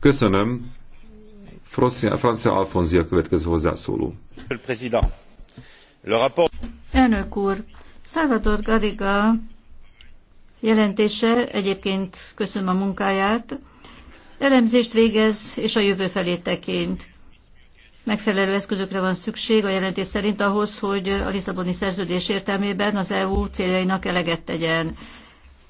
Köszönöm. Francia, Alfonzi a következő hozzászóló. Elnök úr, Salvador Gariga jelentése, egyébként köszönöm a munkáját, elemzést végez és a jövő felé tekint. Megfelelő eszközökre van szükség a jelentés szerint ahhoz, hogy a Lisszaboni szerződés értelmében az EU céljainak eleget tegyen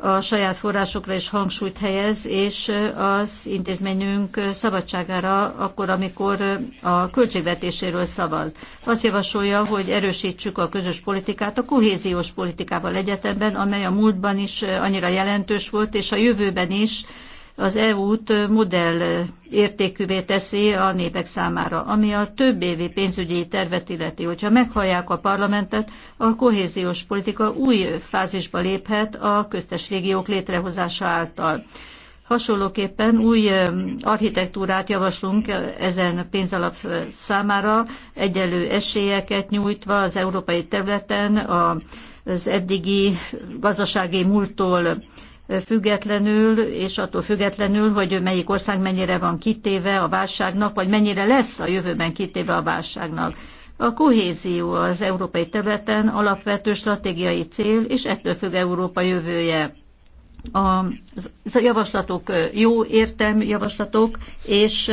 a saját forrásokra is hangsúlyt helyez, és az intézményünk szabadságára akkor, amikor a költségvetéséről szavaz. Azt javasolja, hogy erősítsük a közös politikát a kohéziós politikával egyetemben, amely a múltban is annyira jelentős volt, és a jövőben is az EU-t modell értékűvé teszi a népek számára, ami a több évi pénzügyi tervet illeti. Hogyha meghallják a parlamentet, a kohéziós politika új fázisba léphet a köztes régiók létrehozása által. Hasonlóképpen új architektúrát javaslunk ezen pénzalap számára, egyelő esélyeket nyújtva az európai területen az eddigi gazdasági múltól függetlenül, és attól függetlenül, hogy melyik ország mennyire van kitéve a válságnak, vagy mennyire lesz a jövőben kitéve a válságnak. A kohézió az európai területen alapvető stratégiai cél, és ettől függ Európa jövője. A javaslatok jó értelmű javaslatok, és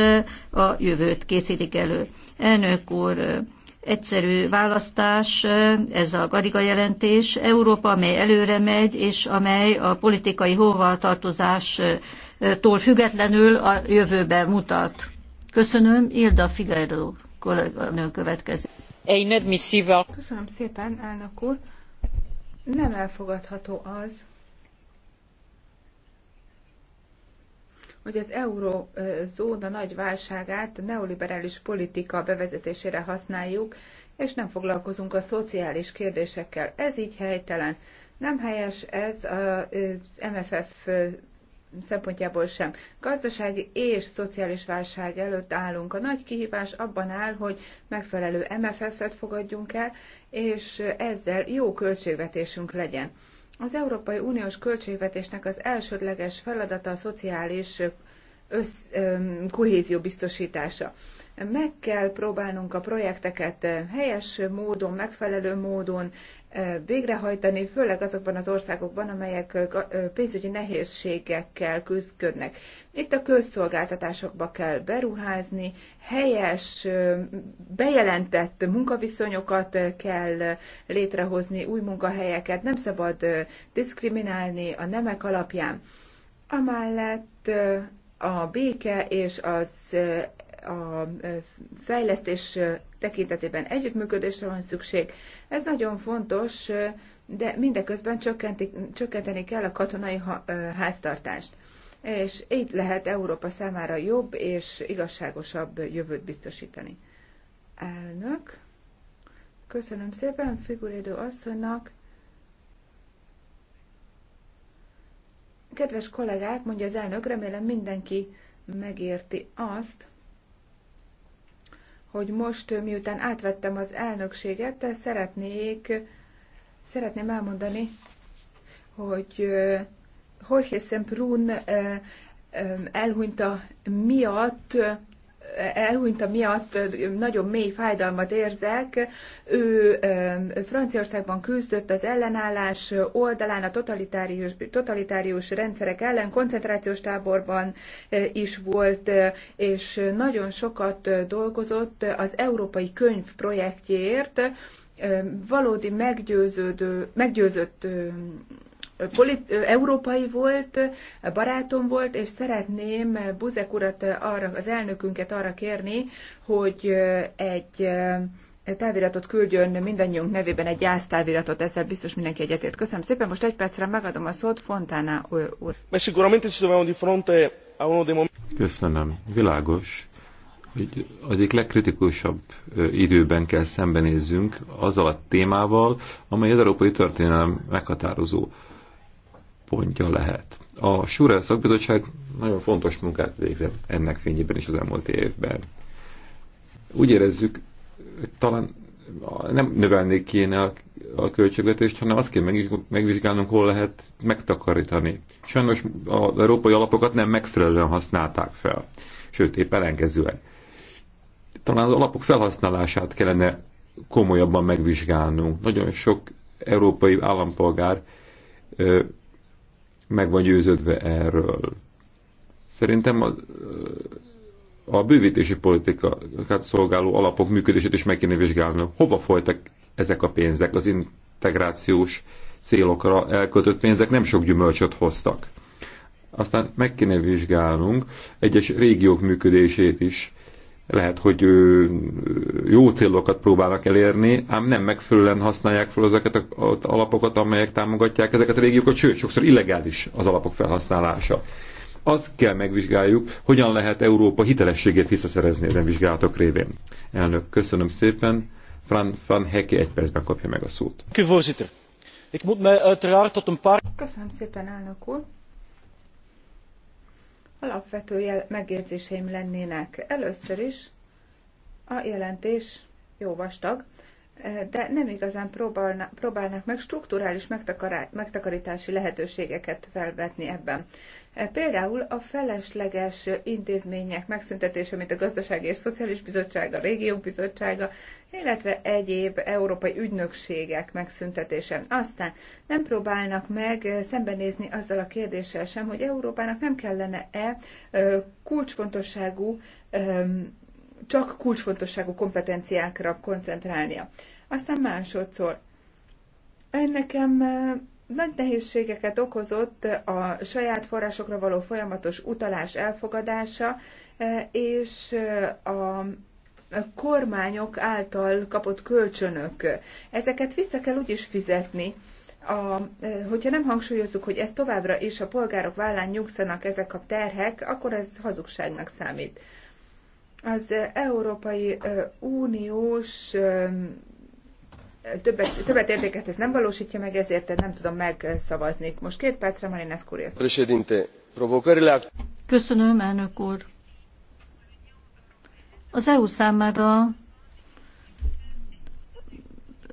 a jövőt készítik elő. Elnök úr, egyszerű választás, ez a Gariga jelentés, Európa, amely előre megy, és amely a politikai hovatartozástól függetlenül a jövőbe mutat. Köszönöm, Ilda Figueiredo kolléganő következik. Köszönöm szépen, elnök úr. Nem elfogadható az, hogy az eurózóna nagy válságát a neoliberális politika bevezetésére használjuk, és nem foglalkozunk a szociális kérdésekkel. Ez így helytelen. Nem helyes ez az MFF szempontjából sem. Gazdasági és szociális válság előtt állunk. A nagy kihívás abban áll, hogy megfelelő MFF-et fogadjunk el, és ezzel jó költségvetésünk legyen. Az Európai Uniós költségvetésnek az elsődleges feladata a szociális össz, kohézió biztosítása. Meg kell próbálnunk a projekteket helyes módon, megfelelő módon végrehajtani, főleg azokban az országokban, amelyek pénzügyi nehézségekkel küzdködnek. Itt a közszolgáltatásokba kell beruházni, helyes, bejelentett munkaviszonyokat kell létrehozni, új munkahelyeket, nem szabad diszkriminálni a nemek alapján. Amellett a béke és az a fejlesztés tekintetében együttműködésre van szükség. Ez nagyon fontos, de mindeközben csökkenteni kell a katonai háztartást. És így lehet Európa számára jobb és igazságosabb jövőt biztosítani. Elnök, köszönöm szépen Figurédő asszonynak. Kedves kollégák, mondja az elnök, remélem mindenki megérti azt, hogy most, miután átvettem az elnökséget, szeretnék, szeretném elmondani, hogy Jorge Semprún elhunyta miatt elhunyta miatt nagyon mély fájdalmat érzek. Ő Franciaországban küzdött az ellenállás oldalán a totalitárius, totalitárius rendszerek ellen, koncentrációs táborban is volt, és nagyon sokat dolgozott az Európai Könyv projektjéért, valódi meggyőződő, meggyőzött polit, európai volt, barátom volt, és szeretném Buzek urat, arra, az elnökünket arra kérni, hogy egy eh, táviratot küldjön mindannyiunk nevében egy gyásztáviratot, ezzel biztos mindenki egyetért. Köszönöm szépen, most egy percre megadom a szót Fontana úr. Köszönöm. Világos, hogy az egyik legkritikusabb időben kell szembenézzünk azzal a témával, amely az európai történelem meghatározó pontja lehet. A Sure szakbizottság nagyon fontos munkát végzett ennek fényében is az elmúlt évben. Úgy érezzük, talán nem növelni kéne a, a költségvetést, hanem azt kell megvizsgálnunk, hol lehet megtakarítani. Sajnos az európai alapokat nem megfelelően használták fel, sőt, épp ellenkezően. Talán az alapok felhasználását kellene komolyabban megvizsgálnunk. Nagyon sok európai állampolgár meg van győződve erről. Szerintem a, a bővítési politikát szolgáló alapok működését is meg kéne vizsgálni. Hova folytak ezek a pénzek? Az integrációs célokra elköltött pénzek nem sok gyümölcsöt hoztak. Aztán meg kéne vizsgálnunk egyes régiók működését is, lehet, hogy jó célokat próbálnak elérni, ám nem megfelelően használják fel ezeket az alapokat, amelyek támogatják ezeket a régiókat, sőt, sokszor illegális az alapok felhasználása. Azt kell megvizsgáljuk, hogyan lehet Európa hitelességét visszaszerezni ezen vizsgálatok révén. Elnök, köszönöm szépen. Fran, Fran Heke egy percben kapja meg a szót. Köszönöm szépen, elnök úr. Alapvető jel- megjegyzéseim lennének. Először is a jelentés jó vastag, eh, de nem igazán próbálnak, próbálnak meg strukturális megtakarítási lehetőségeket felvetni ebben. E, például a felesleges intézmények megszüntetése, mint a Gazdasági és Szociális Bizottság, a Régiók Bizottsága, illetve egyéb európai ügynökségek megszüntetése. Aztán nem próbálnak meg szembenézni azzal a kérdéssel sem, hogy Európának nem kellene-e e, kulcsfontosságú, e, csak kulcsfontosságú kompetenciákra koncentrálnia. Aztán másodszor. Nekem nagy nehézségeket okozott a saját forrásokra való folyamatos utalás elfogadása, e, és e, a kormányok által kapott kölcsönök. Ezeket vissza kell úgyis fizetni. A, e, hogyha nem hangsúlyozzuk, hogy ez továbbra is a polgárok vállán nyugszanak ezek a terhek, akkor ez hazugságnak számít. Az Európai Uniós többet, többet értéket ez nem valósítja meg, ezért nem tudom megszavazni. Most két percre Marines Kurias. Köszönöm, elnök úr. Az EU számára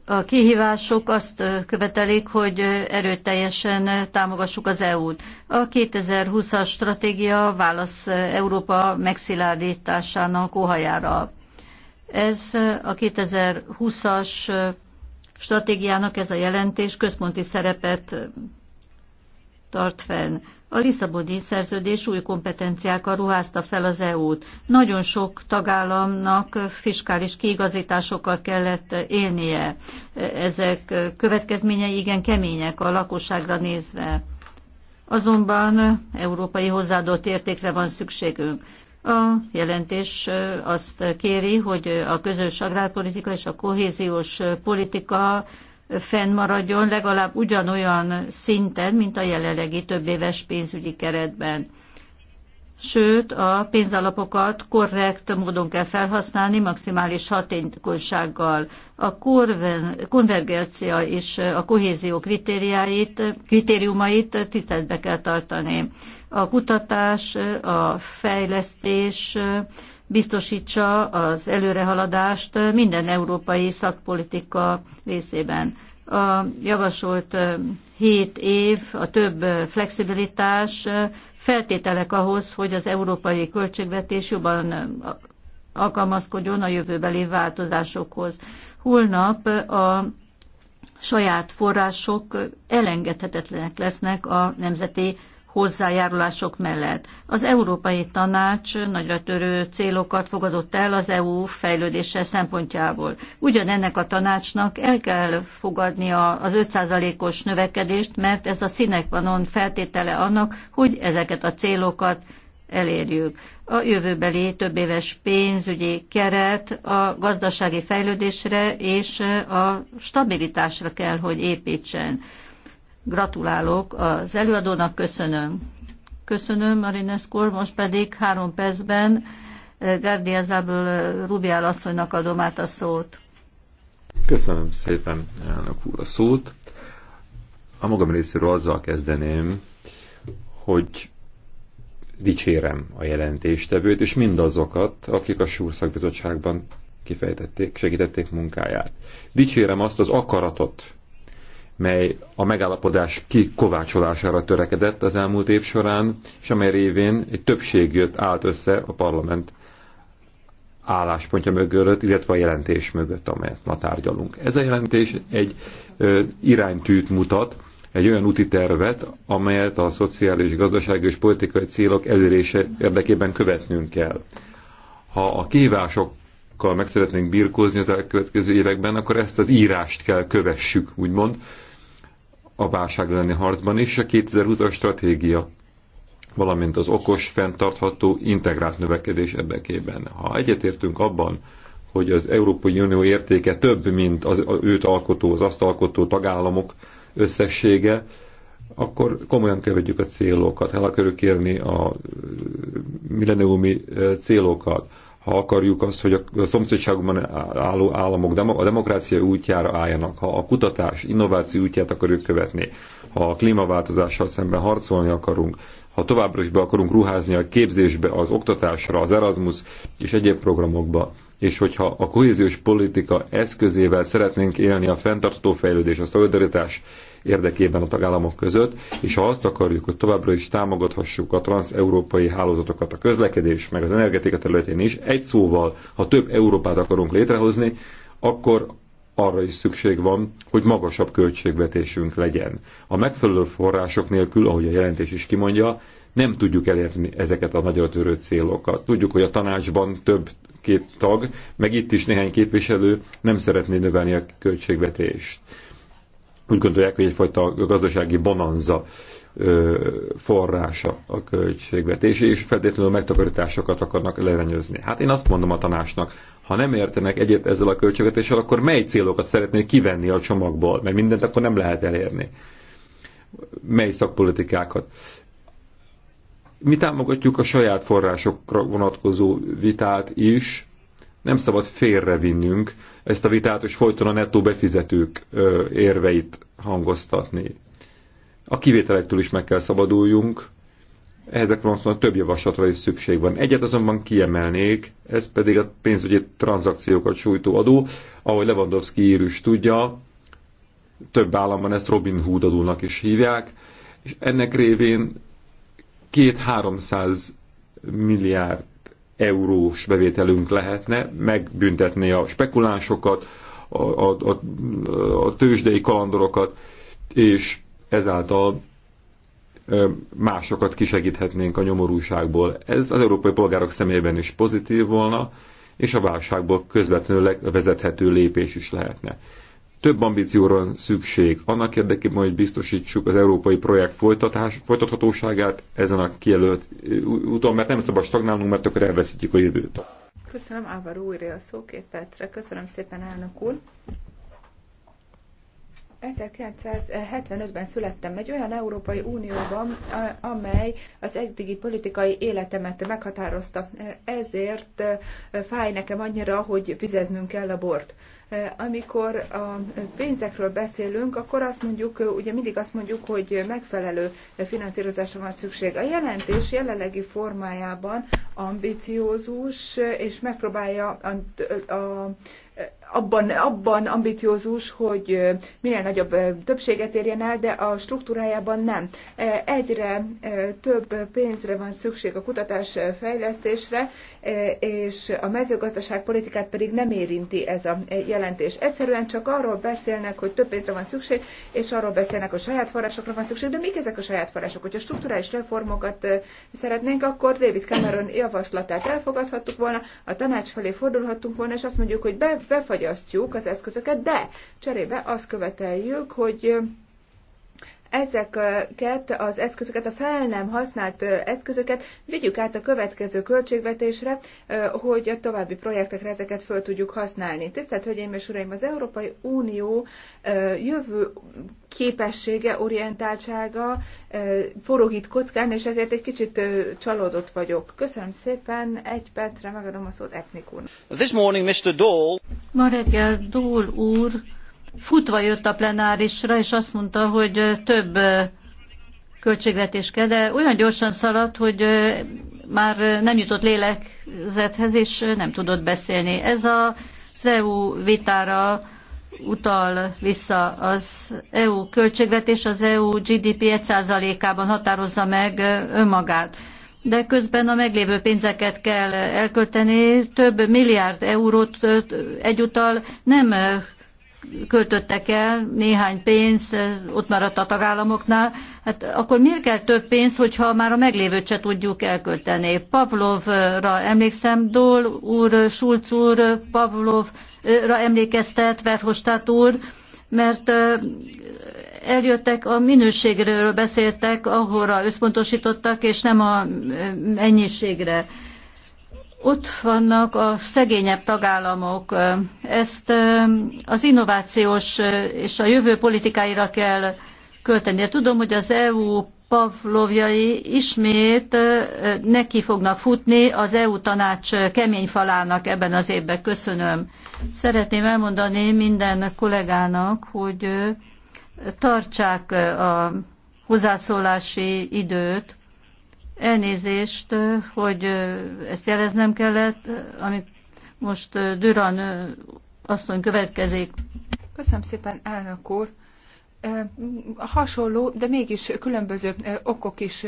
a kihívások azt követelik, hogy erőteljesen támogassuk az EU-t. A 2020-as stratégia válasz Európa megszilárdításának óhajára. Ez a 2020-as stratégiának ez a jelentés központi szerepet tart fenn. A Lisszaboni szerződés új kompetenciákkal ruházta fel az EU-t. Nagyon sok tagállamnak fiskális kiigazításokkal kellett élnie. Ezek következményei igen kemények a lakosságra nézve. Azonban európai hozzáadott értékre van szükségünk. A jelentés azt kéri, hogy a közös agrárpolitika és a kohéziós politika fennmaradjon legalább ugyanolyan szinten, mint a jelenlegi többéves pénzügyi keretben sőt a pénzalapokat korrekt módon kell felhasználni, maximális hatékonysággal. A konvergencia és a kohézió kritériáit, kritériumait tiszteletbe kell tartani. A kutatás, a fejlesztés biztosítsa az előrehaladást minden európai szakpolitika részében. A javasolt hét év, a több flexibilitás feltételek ahhoz, hogy az európai költségvetés jobban alkalmazkodjon a jövőbeli változásokhoz. Holnap a saját források elengedhetetlenek lesznek a nemzeti hozzájárulások mellett. Az Európai Tanács nagyra törő célokat fogadott el az EU fejlődése szempontjából. Ugyanennek a tanácsnak el kell fogadnia az 5%-os növekedést, mert ez a színekvanon feltétele annak, hogy ezeket a célokat elérjük. A jövőbeli többéves pénzügyi keret a gazdasági fejlődésre és a stabilitásra kell, hogy építsen. Gratulálok az előadónak, köszönöm. Köszönöm, Marineszkor, most pedig három percben eh, Gárdia Zábel eh, Rubiál asszonynak adom át a szót. Köszönöm szépen, elnök úr, a szót. A magam részéről azzal kezdeném, hogy dicsérem a jelentéstevőt, és mindazokat, akik a Súrszakbizottságban kifejtették, segítették munkáját. Dicsérem azt az akaratot, mely a megállapodás kikovácsolására törekedett az elmúlt év során, és amely révén egy többség jött, állt össze a parlament álláspontja mögött, illetve a jelentés mögött, amelyet ma tárgyalunk. Ez a jelentés egy ö, iránytűt mutat, egy olyan úti tervet, amelyet a szociális, gazdasági és politikai célok elérése érdekében követnünk kell. Ha a kívásokkal meg szeretnénk birkózni az elkövetkező években, akkor ezt az írást kell kövessük, úgymond, a válság elleni harcban és a 2020-as stratégia, valamint az okos, fenntartható, integrált növekedés ebbekében. Ha egyetértünk abban, hogy az Európai Unió értéke több, mint az őt alkotó, az azt alkotó tagállamok összessége, akkor komolyan kevedjük a célokat, el akarjuk érni a milleniumi célokat, ha akarjuk azt, hogy a szomszédságban álló államok a demokrácia útjára álljanak, ha a kutatás, innováció útját akarjuk követni, ha a klímaváltozással szemben harcolni akarunk, ha továbbra is be akarunk ruházni a képzésbe, az oktatásra, az Erasmus és egyéb programokba, és hogyha a kohéziós politika eszközével szeretnénk élni a fenntartó fejlődés, a szolidaritás érdekében a tagállamok között, és ha azt akarjuk, hogy továbbra is támogathassuk a transeurópai hálózatokat a közlekedés, meg az energetika területén is, egy szóval, ha több Európát akarunk létrehozni, akkor arra is szükség van, hogy magasabb költségvetésünk legyen. A megfelelő források nélkül, ahogy a jelentés is kimondja, nem tudjuk elérni ezeket a nagyra törő célokat. Tudjuk, hogy a tanácsban több két tag, meg itt is néhány képviselő nem szeretné növelni a költségvetést úgy gondolják, hogy egyfajta gazdasági bonanza forrása a költségvetés, és feltétlenül megtakarításokat akarnak lerenyőzni. Hát én azt mondom a tanácsnak, ha nem értenek egyet ezzel a költségvetéssel, akkor mely célokat szeretnék kivenni a csomagból, mert mindent akkor nem lehet elérni. Mely szakpolitikákat. Mi támogatjuk a saját forrásokra vonatkozó vitát is, nem szabad félrevinnünk ezt a vitát, hogy folyton a nettó befizetők érveit hangoztatni. A kivételektől is meg kell szabaduljunk, van szóval több javaslatra is szükség van. Egyet azonban kiemelnék, ez pedig a pénzügyi tranzakciókat sújtó adó. Ahogy Lewandowski ír is tudja, több államban ezt Robin Hood adónak is hívják, és ennek révén két 300 milliárd eurós bevételünk lehetne, megbüntetni a spekulánsokat, a, a, a, a tőzsdei kalandorokat, és ezáltal másokat kisegíthetnénk a nyomorúságból. Ez az európai polgárok szemében is pozitív volna, és a válságból közvetlenül vezethető lépés is lehetne több ambícióra van szükség. Annak érdekében, hogy biztosítsuk az európai projekt folytatás, folytathatóságát ezen a kijelölt úton, mert nem szabad stagnálnunk, mert akkor elveszítjük a jövőt. Köszönöm, Ávar újra a szó két percre. Köszönöm szépen, elnök úr. 1975-ben születtem egy olyan Európai Unióban, amely az eddigi politikai életemet meghatározta. Ezért fáj nekem annyira, hogy fizeznünk kell a bort. Amikor a pénzekről beszélünk, akkor azt mondjuk, ugye mindig azt mondjuk, hogy megfelelő finanszírozásra van szükség. A jelentés jelenlegi formájában ambiciózus, és megpróbálja a, a, abban, abban ambiciózus, hogy minél nagyobb többséget érjen el, de a struktúrájában nem. Egyre több pénzre van szükség a kutatás fejlesztésre, és a mezőgazdaság politikát pedig nem érinti ez a jelentés. Egyszerűen csak arról beszélnek, hogy több pénzre van szükség, és arról beszélnek, hogy saját forrásokra van szükség, de mik ezek a saját források? Hogyha struktúrális reformokat szeretnénk, akkor David Cameron javaslatát elfogadhattuk volna, a tanács felé fordulhattunk volna, és azt mondjuk, hogy befagy fogyasztjuk az eszközöket, de cserébe azt követeljük, hogy ezeket az eszközöket, a fel nem használt eszközöket vigyük át a következő költségvetésre, hogy a további projektekre ezeket föl tudjuk használni. Tisztelt Hölgyeim és Uraim, az Európai Unió jövő képessége, orientáltsága forog itt kockán, és ezért egy kicsit csalódott vagyok. Köszönöm szépen, egy percre megadom a szót Epnik This morning Mr. Dole... Ma reggel Dole úr futva jött a plenárisra, és azt mondta, hogy több költségvetés kell, de olyan gyorsan szaladt, hogy már nem jutott lélekzethez, és nem tudott beszélni. Ez a az EU vitára utal vissza az EU költségvetés, az EU GDP 1%-ában határozza meg önmagát. De közben a meglévő pénzeket kell elkölteni, több milliárd eurót egyúttal nem költöttek el néhány pénz, eh, ott maradt a tagállamoknál, hát akkor miért kell több pénz, hogyha már a meglévőt se tudjuk elkölteni? Pavlovra emlékszem, Dól úr, Schulz úr, Pavlovra emlékeztet, Verhostát úr, mert eh, eljöttek, a minőségről beszéltek, ahora összpontosítottak, és nem a eh, mennyiségre ott vannak a szegényebb tagállamok. Ezt az innovációs és a jövő politikáira kell költeni. De tudom, hogy az EU pavlovjai ismét neki fognak futni az EU tanács kemény falának ebben az évben. Köszönöm. Szeretném elmondani minden kollégának, hogy tartsák a hozzászólási időt, Elnézést, hogy ezt jeleznem kellett, amit most Düran asszony következik. Köszönöm szépen, elnök úr! hasonló, de mégis különböző okok is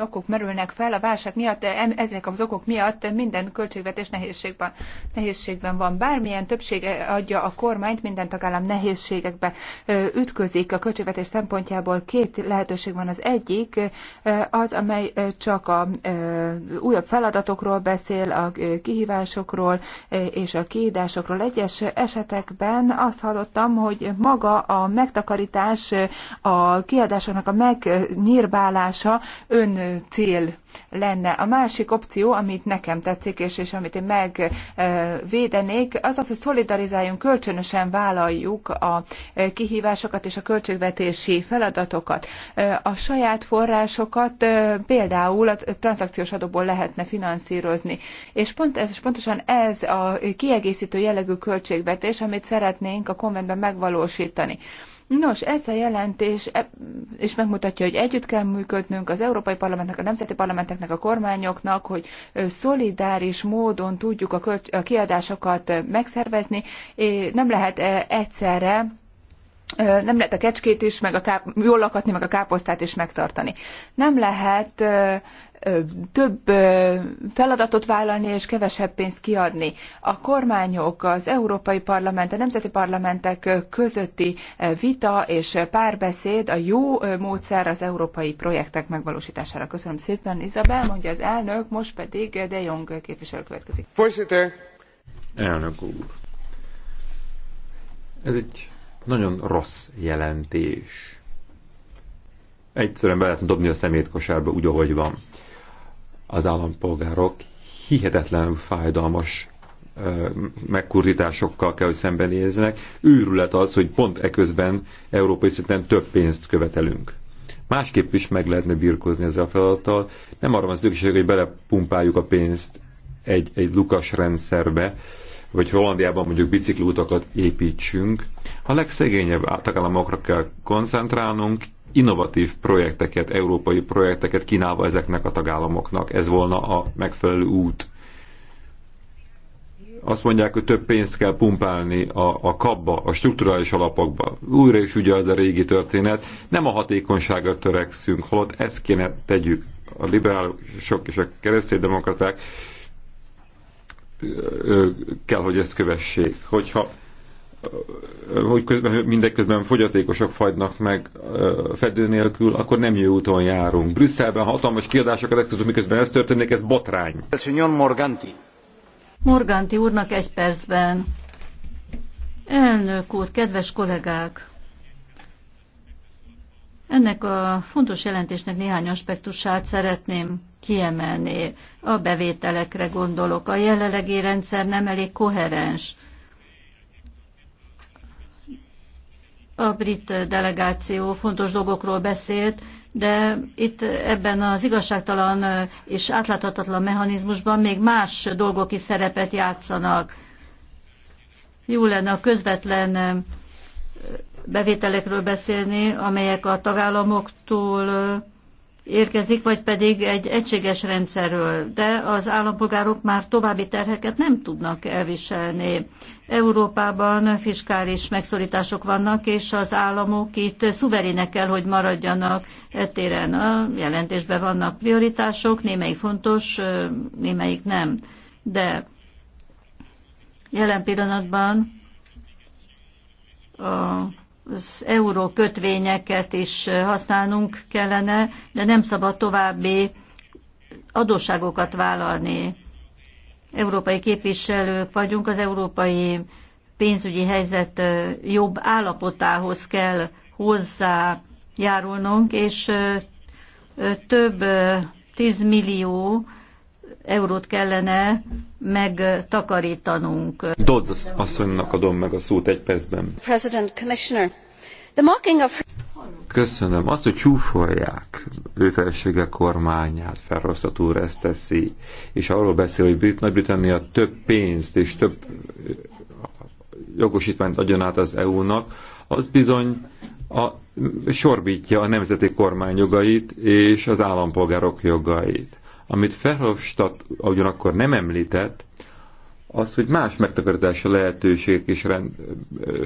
okok merülnek fel a válság miatt, e, ezek az okok miatt minden költségvetés nehézségben, nehézségben van. Bármilyen többség adja a kormányt, minden tagállam nehézségekbe ütközik. A költségvetés szempontjából két lehetőség van. Az egyik az, amely csak a újabb feladatokról beszél, a kihívásokról és a kiídásokról. Egyes esetekben azt hallottam, hogy maga a megtakarítás kiadás, a kiadásának a megnyírbálása ön cél lenne. A másik opció, amit nekem tetszik, és, és amit én megvédenék, e, az az, hogy szolidarizáljunk, kölcsönösen vállaljuk a e, kihívásokat és a költségvetési feladatokat. E, a saját forrásokat például a tranzakciós adóból lehetne finanszírozni. És pont ez, pontosan ez a kiegészítő jellegű költségvetés, amit szeretnénk a konventben megvalósítani. Nos, ez a jelentés e, és megmutatja, hogy együtt kell működnünk az Európai Parlamentnek, a Nemzeti Parlamenteknek, a kormányoknak, hogy szolidáris módon tudjuk a, költ- a kiadásokat megszervezni. Nem lehet egyszerre nem lehet a kecskét is, meg a káp, jól lakatni, meg a káposztát is megtartani. Nem lehet több feladatot vállalni és kevesebb pénzt kiadni. A kormányok, az Európai Parlament, a nemzeti parlamentek közötti vita és párbeszéd a jó módszer az európai projektek megvalósítására. Köszönöm szépen, Izabel, mondja az elnök, most pedig De Jong képviselő következik. Fosíté. Elnök úr. Ez egy nagyon rossz jelentés. Egyszerűen be lehetne dobni a szemétkosárba úgy, ahogy van az állampolgárok hihetetlen fájdalmas megkurrításokkal kell, hogy szembenézzenek. Őrület az, hogy pont eközben európai szinten több pénzt követelünk. Másképp is meg lehetne birkozni ezzel a feladattal. Nem arra van szükség, hogy belepumpáljuk a pénzt egy, egy lukas rendszerbe, vagy Hollandiában mondjuk biciklútakat építsünk. A legszegényebb tagállamokra kell koncentrálnunk, innovatív projekteket, európai projekteket kínálva ezeknek a tagállamoknak. Ez volna a megfelelő út. Azt mondják, hogy több pénzt kell pumpálni a, a kapba, a strukturális alapokba. Újra is ugye az a régi történet. Nem a hatékonyságra törekszünk, holott ezt kéne tegyük. A liberálisok és a kereszténydemokraták kell, hogy ezt kövessék. Hogyha hogy közben, mindeközben fogyatékosok fagynak meg fedő nélkül, akkor nem jó úton járunk. Brüsszelben hatalmas kiadásokat eszközök, miközben ez történik, ez botrány. Morganti. Morganti úrnak egy percben. Elnök úr, kedves kollégák! Ennek a fontos jelentésnek néhány aspektusát szeretném kiemelni. A bevételekre gondolok. A jelenlegi rendszer nem elég koherens A brit delegáció fontos dolgokról beszélt, de itt ebben az igazságtalan és átláthatatlan mechanizmusban még más dolgok is szerepet játszanak. Jó lenne a közvetlen bevételekről beszélni, amelyek a tagállamoktól érkezik, vagy pedig egy egységes rendszerről, de az állampolgárok már további terheket nem tudnak elviselni. Európában fiskális megszorítások vannak, és az államok itt szuverének kell, hogy maradjanak e téren. A jelentésben vannak prioritások, némelyik fontos, némelyik nem. De jelen pillanatban a az euró kötvényeket is használnunk kellene, de nem szabad további adósságokat vállalni. Európai képviselők vagyunk, az európai pénzügyi helyzet jobb állapotához kell hozzájárulnunk, és több 10 millió eurót kellene megtakarítanunk. Dodds asszonynak adom meg a szót egy percben. President, Commissioner, the mocking of... Köszönöm. Azt, hogy csúfolják bőfelsége kormányát, felrosztató úr ezt teszi, és arról beszél, hogy Brit Nagy-Britannia több pénzt és több jogosítványt adjon át az EU-nak, az bizony a, sorbítja a nemzeti kormány jogait és az állampolgárok jogait. Amit Ferhofstadt ugyanakkor nem említett, az, hogy más megtakarítási lehetőségek is rend,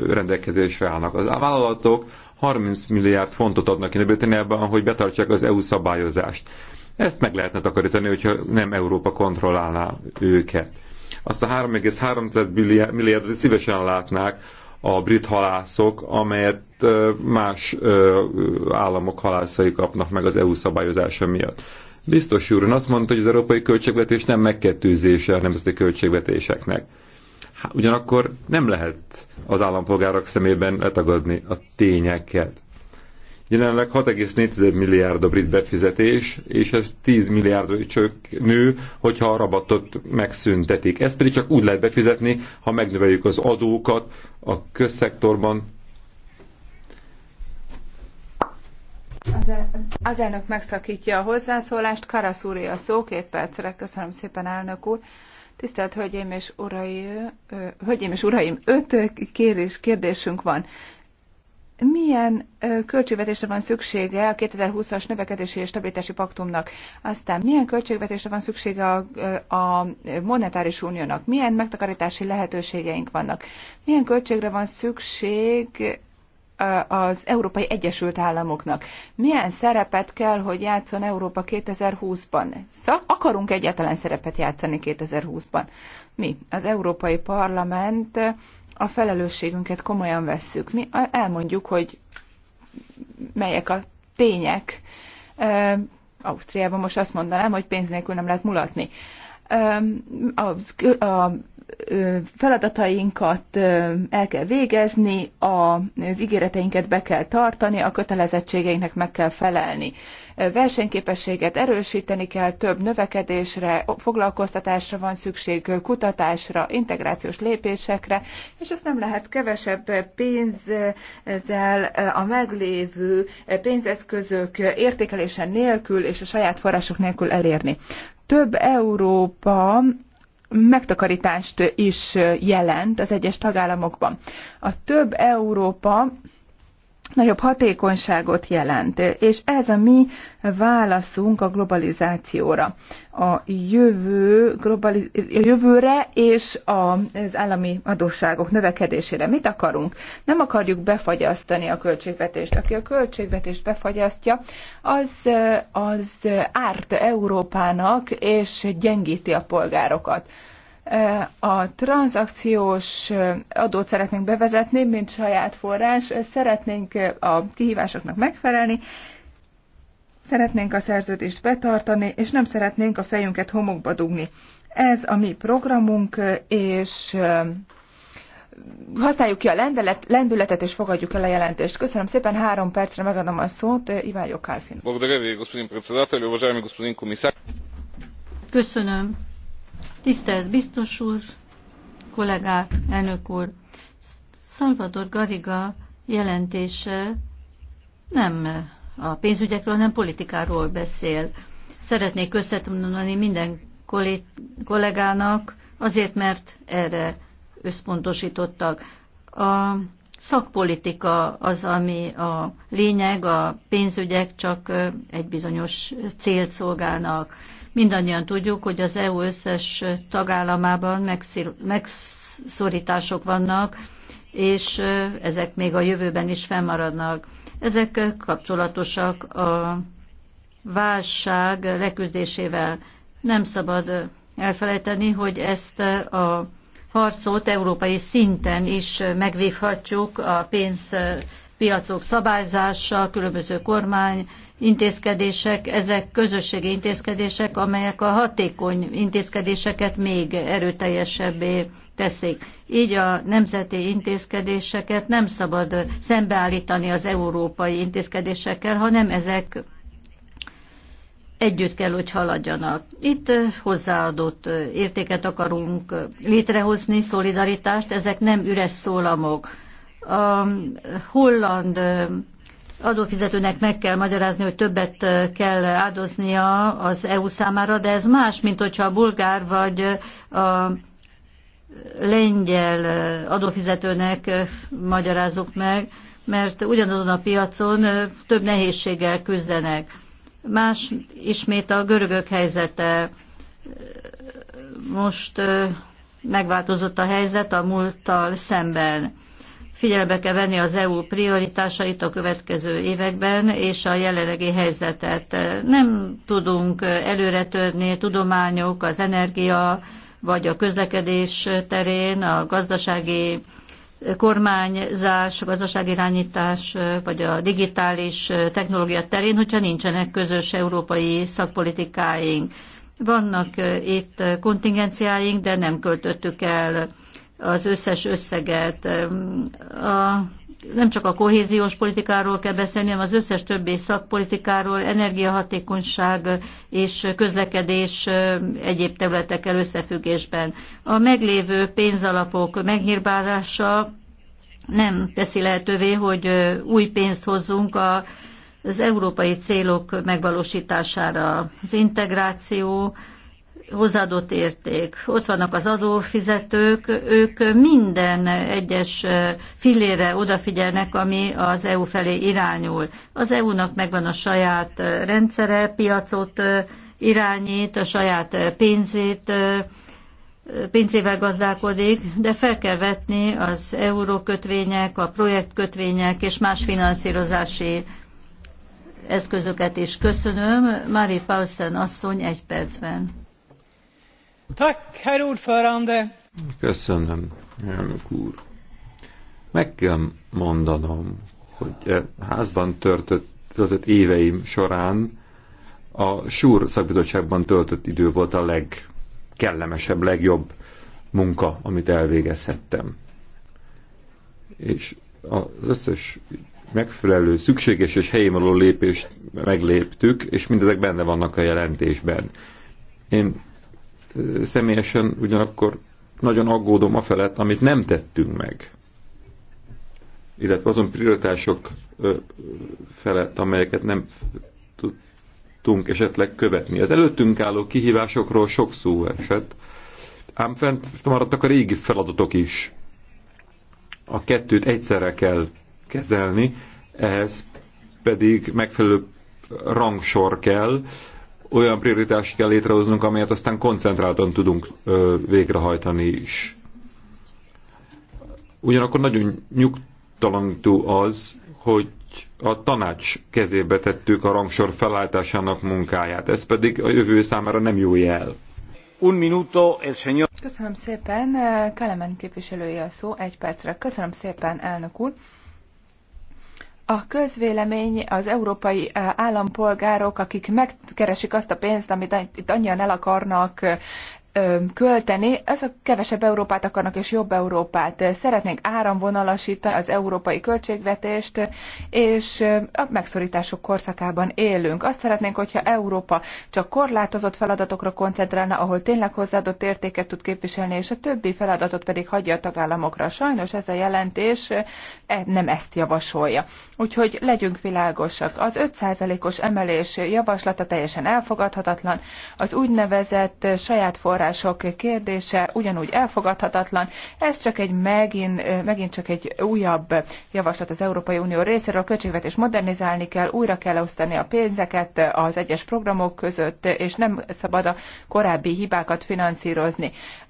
rendelkezésre állnak. Az vállalatok 30 milliárd fontot adnak ki Britanniában, hogy betartsák az EU szabályozást. Ezt meg lehetne takarítani, hogyha nem Európa kontrollálná őket. Azt a 3,3 milliárdot szívesen látnák a brit halászok, amelyet más államok halászai kapnak meg az EU szabályozása miatt. Biztos úr, azt mondta, hogy az európai költségvetés nem megkettőzése a nemzeti költségvetéseknek. Hát, ugyanakkor nem lehet az állampolgárok szemében letagadni a tényeket. Jelenleg 6,4 milliárd a brit befizetés, és ez 10 milliárd csök nő, hogyha a rabatot megszüntetik. Ezt pedig csak úgy lehet befizetni, ha megnöveljük az adókat a közszektorban, Az, elnök megszakítja a hozzászólást. Karasz a szó, két percre. Köszönöm szépen, elnök úr. Tisztelt Hölgyeim és Uraim, Hölgyeim és Uraim, öt kérés, kérdésünk van. Milyen költségvetésre van szüksége a 2020-as növekedési és stabilitási paktumnak? Aztán milyen költségvetésre van szüksége a, a monetáris uniónak? Milyen megtakarítási lehetőségeink vannak? Milyen költségre van szükség az Európai Egyesült Államoknak. Milyen szerepet kell, hogy játszon Európa 2020-ban? Szak akarunk egyáltalán szerepet játszani 2020-ban? Mi, az Európai Parlament a felelősségünket komolyan vesszük. Mi elmondjuk, hogy melyek a tények. Ausztriában most azt mondanám, hogy pénz nélkül nem lehet mulatni a feladatainkat el kell végezni, az ígéreteinket be kell tartani, a kötelezettségeinknek meg kell felelni. Versenyképességet erősíteni kell, több növekedésre, foglalkoztatásra van szükség, kutatásra, integrációs lépésekre, és ezt nem lehet kevesebb pénzzel a meglévő pénzeszközök értékelése nélkül és a saját források nélkül elérni. Több Európa megtakarítást is jelent az egyes tagállamokban. A több Európa nagyobb hatékonyságot jelent, és ez a mi válaszunk a globalizációra. A, jövő, globaliz- a jövőre és az állami adósságok növekedésére. Mit akarunk? Nem akarjuk befagyasztani a költségvetést. Aki a költségvetést befagyasztja, az, az árt Európának és gyengíti a polgárokat a tranzakciós adót szeretnénk bevezetni, mint saját forrás, szeretnénk a kihívásoknak megfelelni, szeretnénk a szerződést betartani, és nem szeretnénk a fejünket homokba dugni. Ez a mi programunk, és használjuk ki a lendület, lendületet, és fogadjuk el a jelentést. Köszönöm szépen, három percre megadom a szót Iván Jokálfin. Köszönöm. Tisztelt biztos úr, kollégák, elnök úr! Salvador Gariga jelentése nem a pénzügyekről, hanem politikáról beszél. Szeretnék köszönni minden kollégának, azért, mert erre összpontosítottak. A szakpolitika az, ami a lényeg, a pénzügyek csak egy bizonyos célt szolgálnak. Mindannyian tudjuk, hogy az EU összes tagállamában megszorítások vannak, és ezek még a jövőben is fennmaradnak. Ezek kapcsolatosak a válság leküzdésével. Nem szabad elfelejteni, hogy ezt a harcot európai szinten is megvívhatjuk a pénz piacok szabályzása, különböző kormány intézkedések, ezek közösségi intézkedések, amelyek a hatékony intézkedéseket még erőteljesebbé teszik. Így a nemzeti intézkedéseket nem szabad szembeállítani az európai intézkedésekkel, hanem ezek együtt kell, hogy haladjanak. Itt hozzáadott értéket akarunk létrehozni, szolidaritást, ezek nem üres szólamok a holland adófizetőnek meg kell magyarázni, hogy többet kell áldoznia az EU számára, de ez más, mint hogyha a bulgár vagy a lengyel adófizetőnek magyarázok meg, mert ugyanazon a piacon több nehézséggel küzdenek. Más ismét a görögök helyzete. Most megváltozott a helyzet a múlttal szemben Figyelbe kell venni az EU prioritásait a következő években, és a jelenlegi helyzetet. Nem tudunk előretörni tudományok, az energia, vagy a közlekedés terén, a gazdasági kormányzás, gazdasági irányítás vagy a digitális technológia terén, hogyha nincsenek közös európai szakpolitikáink. Vannak itt kontingenciáink, de nem költöttük el az összes összeget. A, nem csak a kohéziós politikáról kell beszélni, hanem az összes többi szakpolitikáról, energiahatékonyság és közlekedés egyéb területekkel összefüggésben. A meglévő pénzalapok megnyírbálása nem teszi lehetővé, hogy új pénzt hozzunk a az európai célok megvalósítására. Az integráció, hozzáadott érték. Ott vannak az adófizetők, ők minden egyes filére odafigyelnek, ami az EU felé irányul. Az EU-nak megvan a saját rendszere, piacot irányít, a saját pénzét, pénzével gazdálkodik, de fel kell vetni az eurókötvények, a projektkötvények és más finanszírozási eszközöket is. Köszönöm. Mári Paulsen asszony egy percben. Tack, herr ordförande. Köszönöm, elnök úr. Meg kell mondanom, hogy e házban törtött, töltött éveim során a súr szakbizottságban töltött idő volt a legkellemesebb, legjobb munka, amit elvégezhettem. És az összes megfelelő, szükséges és helyén való lépést megléptük, és mindezek benne vannak a jelentésben. Én személyesen ugyanakkor nagyon aggódom a felett, amit nem tettünk meg. Illetve azon prioritások felett, amelyeket nem tudtunk esetleg követni. Az előttünk álló kihívásokról sok szó esett, ám fent maradtak a régi feladatok is. A kettőt egyszerre kell kezelni, ehhez pedig megfelelő rangsor kell, olyan prioritást kell létrehoznunk, amelyet aztán koncentráltan tudunk ö, végrehajtani is. Ugyanakkor nagyon nyugtalanító az, hogy a tanács kezébe tettük a rangsor felállításának munkáját. Ez pedig a jövő számára nem jó jel. Un minuto, el señor. Köszönöm szépen, Kelemen képviselője a szó, egy percre. Köszönöm szépen, elnök úr. A közvélemény, az európai eh, állampolgárok, akik megkeresik azt a pénzt, amit itt annyian el akarnak költeni, azok kevesebb Európát akarnak és jobb Európát. Szeretnénk áramvonalasítani az európai költségvetést, és a megszorítások korszakában élünk. Azt szeretnénk, hogyha Európa csak korlátozott feladatokra koncentrálna, ahol tényleg hozzáadott értéket tud képviselni, és a többi feladatot pedig hagyja a tagállamokra. Sajnos ez a jelentés e, nem ezt javasolja. Úgyhogy legyünk világosak. Az 5%-os emelés javaslata teljesen elfogadhatatlan. Az úgynevezett saját forrás források kérdése ugyanúgy elfogadhatatlan. Ez csak egy megint, megint csak egy újabb javaslat az Európai Unió részéről. A költségvetés modernizálni kell, újra kell osztani a pénzeket az egyes programok között, és nem szabad a korábbi hibákat finanszírozni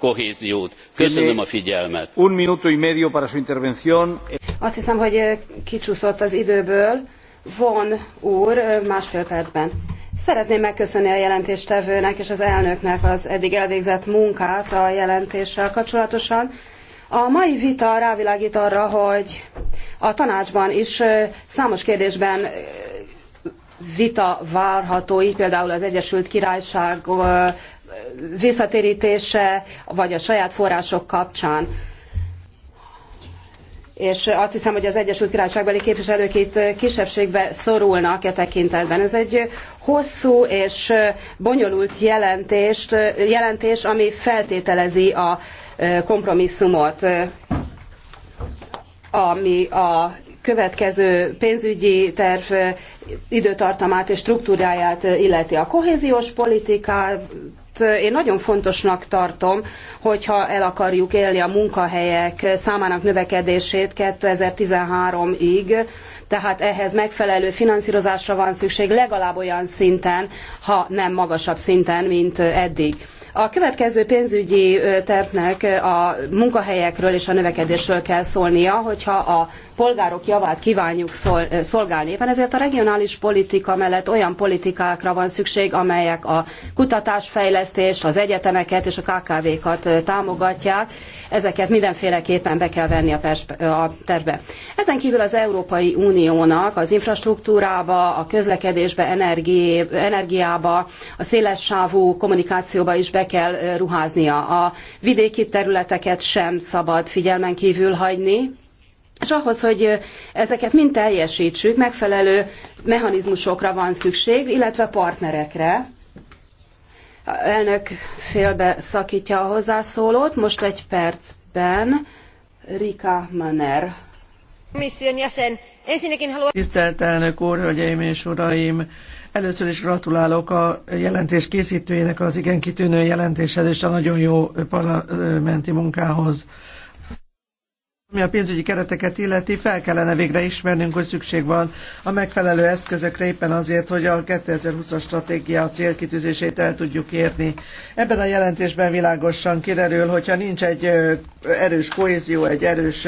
kohéziót. köszönöm a figyelmet. azt hiszem hogy kicsúszott az időből von úr másfél percben. Szeretném megköszönni a jelentéstevőnek és az elnöknek az eddig elvégzett munkát a jelentéssel kapcsolatosan. A mai vita rávilágít arra, hogy a tanácsban is számos kérdésben vita várható, így például az Egyesült Királyság visszatérítése, vagy a saját források kapcsán. És azt hiszem, hogy az Egyesült Királyságbeli képviselők itt kisebbségbe szorulnak e tekintetben. Ez egy hosszú és bonyolult jelentést, jelentés, ami feltételezi a kompromisszumot, ami a következő pénzügyi terv időtartamát és struktúráját illeti. A kohéziós politikát én nagyon fontosnak tartom, hogyha el akarjuk élni a munkahelyek számának növekedését 2013-ig, tehát ehhez megfelelő finanszírozásra van szükség legalább olyan szinten, ha nem magasabb szinten, mint eddig. A következő pénzügyi tervnek a munkahelyekről és a növekedésről kell szólnia, hogyha a polgárok javát kívánjuk szolgálni. Éppen ezért a regionális politika mellett olyan politikákra van szükség, amelyek a kutatásfejlesztést, az egyetemeket és a KKV-kat támogatják. Ezeket mindenféleképpen be kell venni a, a tervbe. Ezen kívül az Európai Uniónak az infrastruktúrába, a közlekedésbe, energi, energiába, a szélessávú kommunikációba is be kell ruháznia. A vidéki területeket sem szabad figyelmen kívül hagyni, és ahhoz, hogy ezeket mind teljesítsük, megfelelő mechanizmusokra van szükség, illetve partnerekre. A elnök félbe szakítja a hozzászólót, most egy percben Rika Maner. Tisztelt elnök úr, hölgyeim és uraim! Először is gratulálok a jelentés készítőjének az igen kitűnő jelentéshez és a nagyon jó parlamenti munkához. Ami a pénzügyi kereteket illeti, fel kellene végre ismernünk, hogy szükség van a megfelelő eszközökre éppen azért, hogy a 2020-as stratégia célkitűzését el tudjuk érni. Ebben a jelentésben világosan kiderül, hogyha nincs egy erős kohézió, egy erős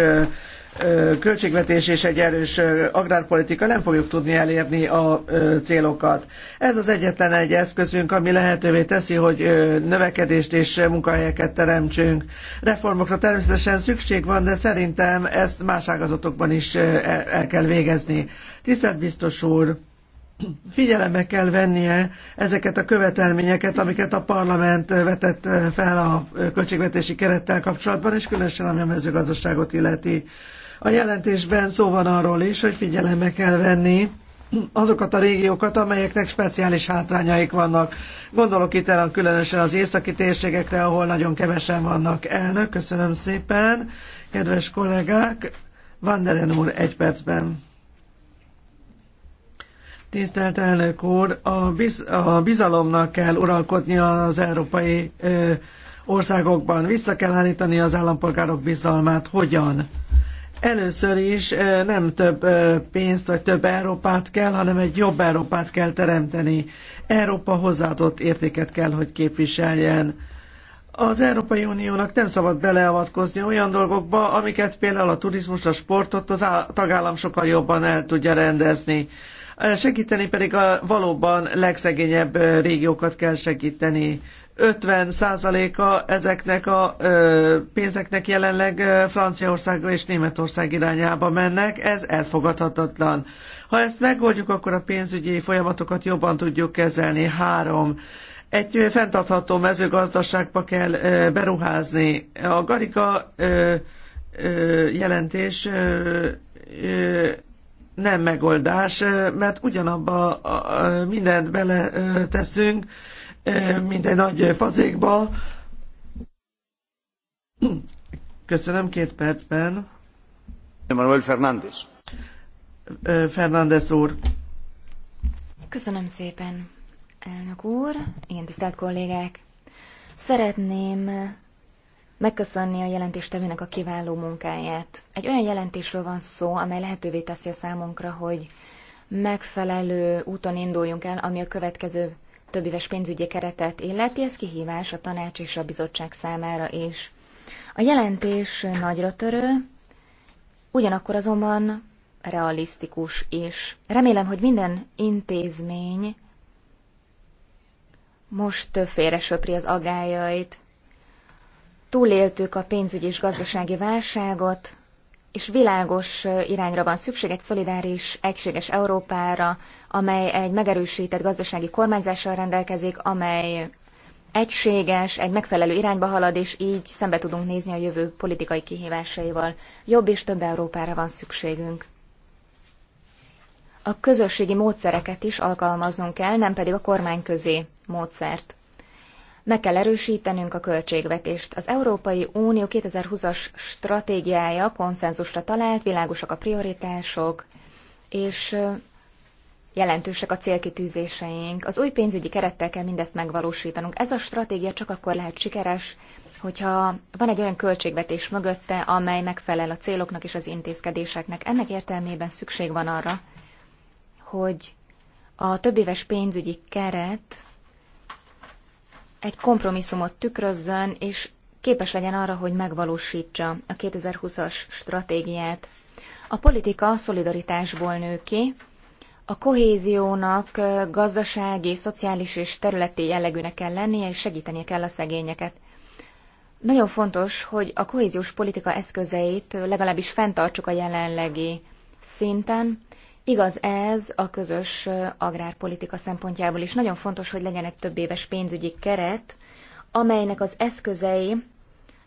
költségvetés és egy erős agrárpolitika nem fogjuk tudni elérni a célokat. Ez az egyetlen egy eszközünk, ami lehetővé teszi, hogy növekedést és munkahelyeket teremtsünk. Reformokra természetesen szükség van, de szerintem ezt más ágazatokban is e, el kell végezni. Tisztelt biztos úr! Figyelembe kell vennie ezeket a követelményeket, amiket a parlament vetett fel a költségvetési kerettel kapcsolatban, és különösen ami a mezőgazdaságot illeti a jelentésben szó van arról is, hogy figyelembe kell venni azokat a régiókat, amelyeknek speciális hátrányaik vannak. Gondolok itt el különösen az északi térségekre, ahol nagyon kevesen vannak. Elnök, köszönöm szépen. Kedves kollégák, Vanderen úr egy percben. Tisztelt elnök úr, a, biz, a bizalomnak kell uralkodnia az európai ö, országokban. Vissza kell állítani az állampolgárok bizalmát. Hogyan? Először is nem több pénzt vagy több Európát kell, hanem egy jobb Európát kell teremteni. Európa hozzáadott értéket kell, hogy képviseljen. Az Európai Uniónak nem szabad beleavatkozni olyan dolgokba, amiket például a turizmus, a sportot az tagállam sokkal jobban el tudja rendezni. Segíteni pedig a valóban legszegényebb régiókat kell segíteni. 50%-a ezeknek a pénzeknek jelenleg Franciaország és Németország irányába mennek, ez elfogadhatatlan. Ha ezt megoldjuk, akkor a pénzügyi folyamatokat jobban tudjuk kezelni. Három. Egy fenntartható mezőgazdaságba kell beruházni. A Garika jelentés nem megoldás, mert ugyanabba mindent bele teszünk, mint egy nagy fazékba. Köszönöm két percben. Manuel Fernández. Fernández úr. Köszönöm szépen, elnök úr, igen, tisztelt kollégák. Szeretném megköszönni a jelentéstevének a kiváló munkáját. Egy olyan jelentésről van szó, amely lehetővé teszi a számunkra, hogy megfelelő úton induljunk el, ami a következő éves pénzügyi keretet illeti, ez kihívás a tanács és a bizottság számára is. A jelentés nagyra törő, ugyanakkor azonban realisztikus is. Remélem, hogy minden intézmény most félre söpri az agályait. Túléltük a pénzügyi és gazdasági válságot, és világos irányra van szükség, egy szolidáris, egységes Európára, amely egy megerősített gazdasági kormányzással rendelkezik, amely egységes, egy megfelelő irányba halad, és így szembe tudunk nézni a jövő politikai kihívásaival. Jobb és több Európára van szükségünk. A közösségi módszereket is alkalmaznunk kell, nem pedig a közé módszert. Meg kell erősítenünk a költségvetést. Az Európai Unió 2020-as stratégiája konszenzusra talált, világosak a prioritások, és jelentősek a célkitűzéseink. Az új pénzügyi kerettel kell mindezt megvalósítanunk. Ez a stratégia csak akkor lehet sikeres, hogyha van egy olyan költségvetés mögötte, amely megfelel a céloknak és az intézkedéseknek. Ennek értelmében szükség van arra, hogy a többéves pénzügyi keret egy kompromisszumot tükrözzön, és képes legyen arra, hogy megvalósítsa a 2020-as stratégiát. A politika a szolidaritásból nő ki, a kohéziónak gazdasági, szociális és területi jellegűnek kell lennie, és segítenie kell a szegényeket. Nagyon fontos, hogy a kohéziós politika eszközeit legalábbis fenntartsuk a jelenlegi szinten, Igaz ez a közös agrárpolitika szempontjából is. Nagyon fontos, hogy legyen egy több éves pénzügyi keret, amelynek az eszközei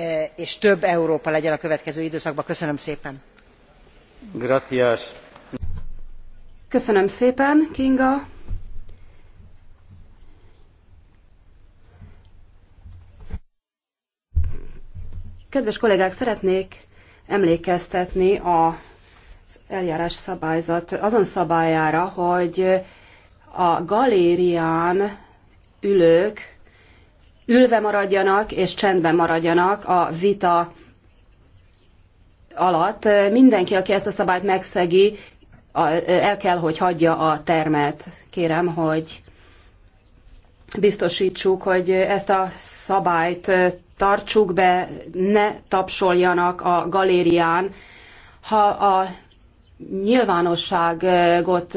Eh, és több európa legyen a következő időszakban. köszönöm szépen! köszönöm szépen kinga! Kedves kollégák, szeretnék emlékeztetni az eljárás szabályzat azon szabályára, hogy a galérián ülők ülve maradjanak és csendben maradjanak a vita alatt. Mindenki, aki ezt a szabályt megszegi, el kell, hogy hagyja a termet. Kérem, hogy biztosítsuk, hogy ezt a szabályt tartsuk be, ne tapsoljanak a galérián. Ha a nyilvánosságot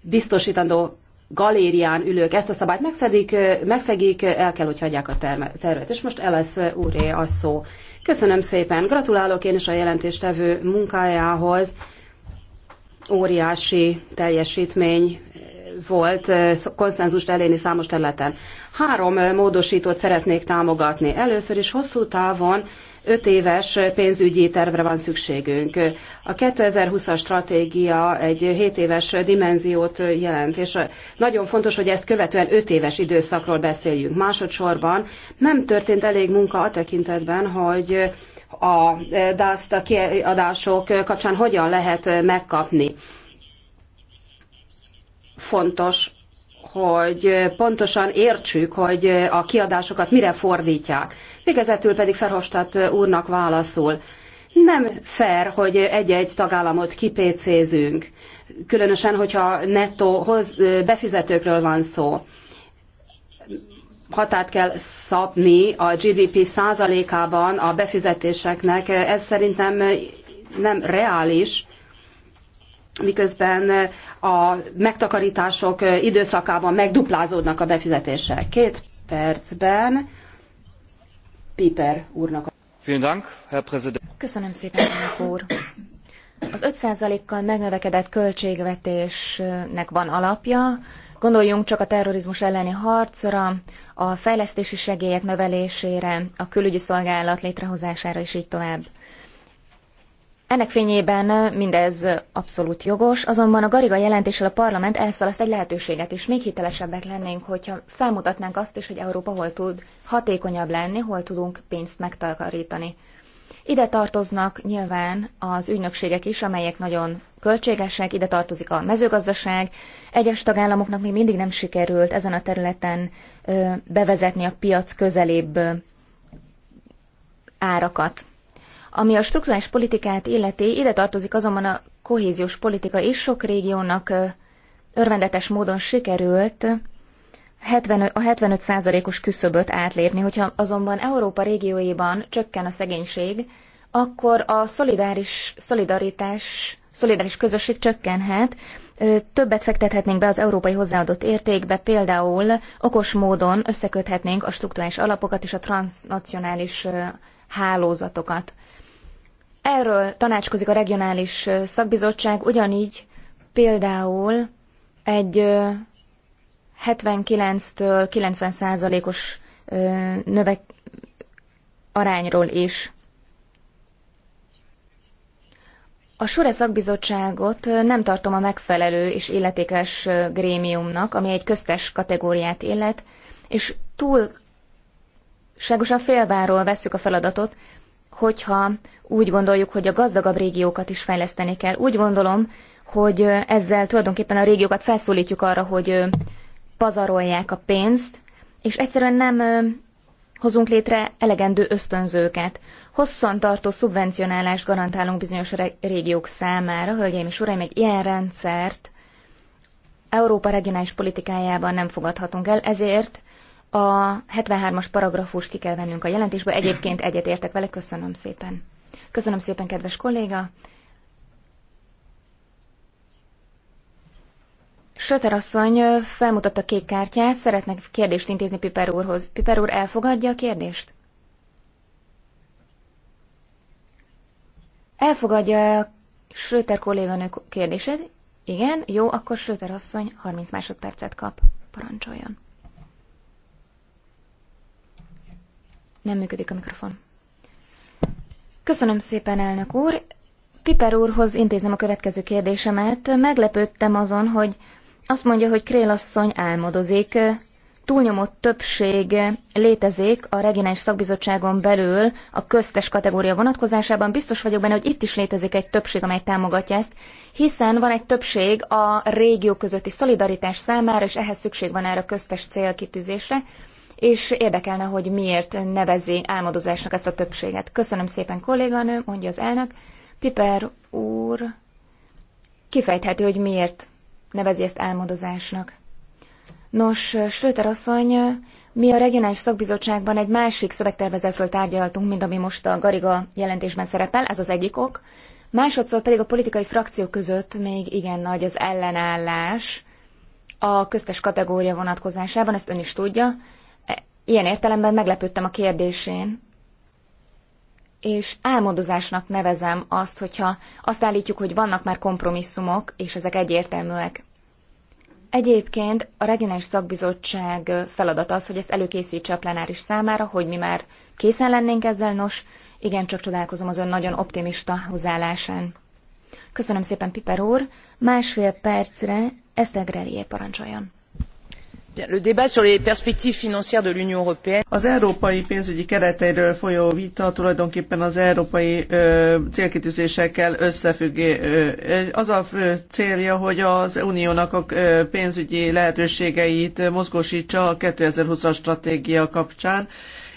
biztosítandó galérián ülők ezt a szabályt megszedik, megszegik, el kell, hogy hagyják a tervet. És most Elesz úré a szó. Köszönöm szépen, gratulálok én is a jelentéstevő munkájához. Óriási teljesítmény volt konszenzust elérni számos területen. Három módosítót szeretnék támogatni. Először is hosszú távon öt éves pénzügyi tervre van szükségünk. A 2020-as stratégia egy 7 éves dimenziót jelent, és nagyon fontos, hogy ezt követően öt éves időszakról beszéljünk. Másodszorban nem történt elég munka a tekintetben, hogy a DASZ-t a kiadások kapcsán hogyan lehet megkapni. Fontos hogy pontosan értsük, hogy a kiadásokat mire fordítják. Végezetül pedig Ferhofstadt úrnak válaszol. Nem fair, hogy egy-egy tagállamot kipécézünk, különösen, hogyha nettó befizetőkről van szó. Határt kell szabni a GDP százalékában a befizetéseknek. Ez szerintem nem reális miközben a megtakarítások időszakában megduplázódnak a befizetések. Két percben Piper úrnak. Köszönöm szépen, elnök úr. Az 5%-kal megnövekedett költségvetésnek van alapja. Gondoljunk csak a terrorizmus elleni harcra, a fejlesztési segélyek növelésére, a külügyi szolgálat létrehozására és így tovább. Ennek fényében mindez abszolút jogos, azonban a Gariga jelentéssel a parlament elszalaszt egy lehetőséget, és még hitelesebbek lennénk, hogyha felmutatnánk azt is, hogy Európa hol tud hatékonyabb lenni, hol tudunk pénzt megtakarítani. Ide tartoznak nyilván az ügynökségek is, amelyek nagyon költségesek, ide tartozik a mezőgazdaság. Egyes tagállamoknak még mindig nem sikerült ezen a területen bevezetni a piac közelébb árakat. Ami a struktúrális politikát illeti, ide tartozik azonban a kohéziós politika is, sok régiónak örvendetes módon sikerült 75, a 75%-os küszöböt átlépni. Hogyha azonban Európa régióiban csökken a szegénység, akkor a szolidáris, szolidaritás, szolidáris közösség csökkenhet, többet fektethetnénk be az európai hozzáadott értékbe, például okos módon összeköthetnénk a struktúrális alapokat és a transnacionális hálózatokat. Erről tanácskozik a regionális szakbizottság, ugyanígy például egy 79-től 90 százalékos növek arányról is. A Sure szakbizottságot nem tartom a megfelelő és illetékes grémiumnak, ami egy köztes kategóriát illet, és túlságosan félváról vesszük a feladatot, hogyha úgy gondoljuk, hogy a gazdagabb régiókat is fejleszteni kell. Úgy gondolom, hogy ezzel tulajdonképpen a régiókat felszólítjuk arra, hogy pazarolják a pénzt, és egyszerűen nem hozunk létre elegendő ösztönzőket. Hosszan tartó szubvencionálást garantálunk bizonyos régiók számára. Hölgyeim és uraim, egy ilyen rendszert Európa regionális politikájában nem fogadhatunk el, ezért a 73-as paragrafust ki kell vennünk a jelentésből. Egyébként egyetértek vele, köszönöm szépen. Köszönöm szépen, kedves kolléga! Söter asszony felmutatta kék kártyát, szeretnek kérdést intézni Piper úrhoz. Piper úr elfogadja a kérdést? Elfogadja a Söter kolléganő kérdésed? Igen, jó, akkor Söter asszony 30 másodpercet kap. Parancsoljon. Nem működik a mikrofon. Köszönöm szépen, elnök úr. Piper úrhoz intézem a következő kérdésemet. Meglepődtem azon, hogy azt mondja, hogy Krélasszony álmodozik. Túlnyomó többség létezik a regionális szakbizottságon belül a köztes kategória vonatkozásában. Biztos vagyok benne, hogy itt is létezik egy többség, amely támogatja ezt, hiszen van egy többség a régió közötti szolidaritás számára, és ehhez szükség van erre a köztes célkitűzésre és érdekelne, hogy miért nevezi álmodozásnak ezt a többséget. Köszönöm szépen kolléganő, mondja az elnök. Piper úr kifejtheti, hogy miért nevezi ezt álmodozásnak. Nos, Schröter asszony, mi a regionális szakbizottságban egy másik szövegtervezetről tárgyaltunk, mint ami most a Gariga jelentésben szerepel, ez az egyik ok. Másodszor pedig a politikai frakciók között még igen nagy az ellenállás a köztes kategória vonatkozásában, ezt ön is tudja. Ilyen értelemben meglepődtem a kérdésén, és álmodozásnak nevezem azt, hogyha azt állítjuk, hogy vannak már kompromisszumok, és ezek egyértelműek. Egyébként a regionális szakbizottság feladata az, hogy ezt előkészítse a plenáris számára, hogy mi már készen lennénk ezzel, nos, igen, csak csodálkozom az ön nagyon optimista hozzáállásán. Köszönöm szépen, Piper úr. Másfél percre Eszter Grelié parancsoljon. Az európai pénzügyi kereteiről folyó vita tulajdonképpen az európai ö, célkitűzésekkel összefügg. Az a fő célja, hogy az uniónak a pénzügyi lehetőségeit mozgósítsa a 2020-as stratégia kapcsán,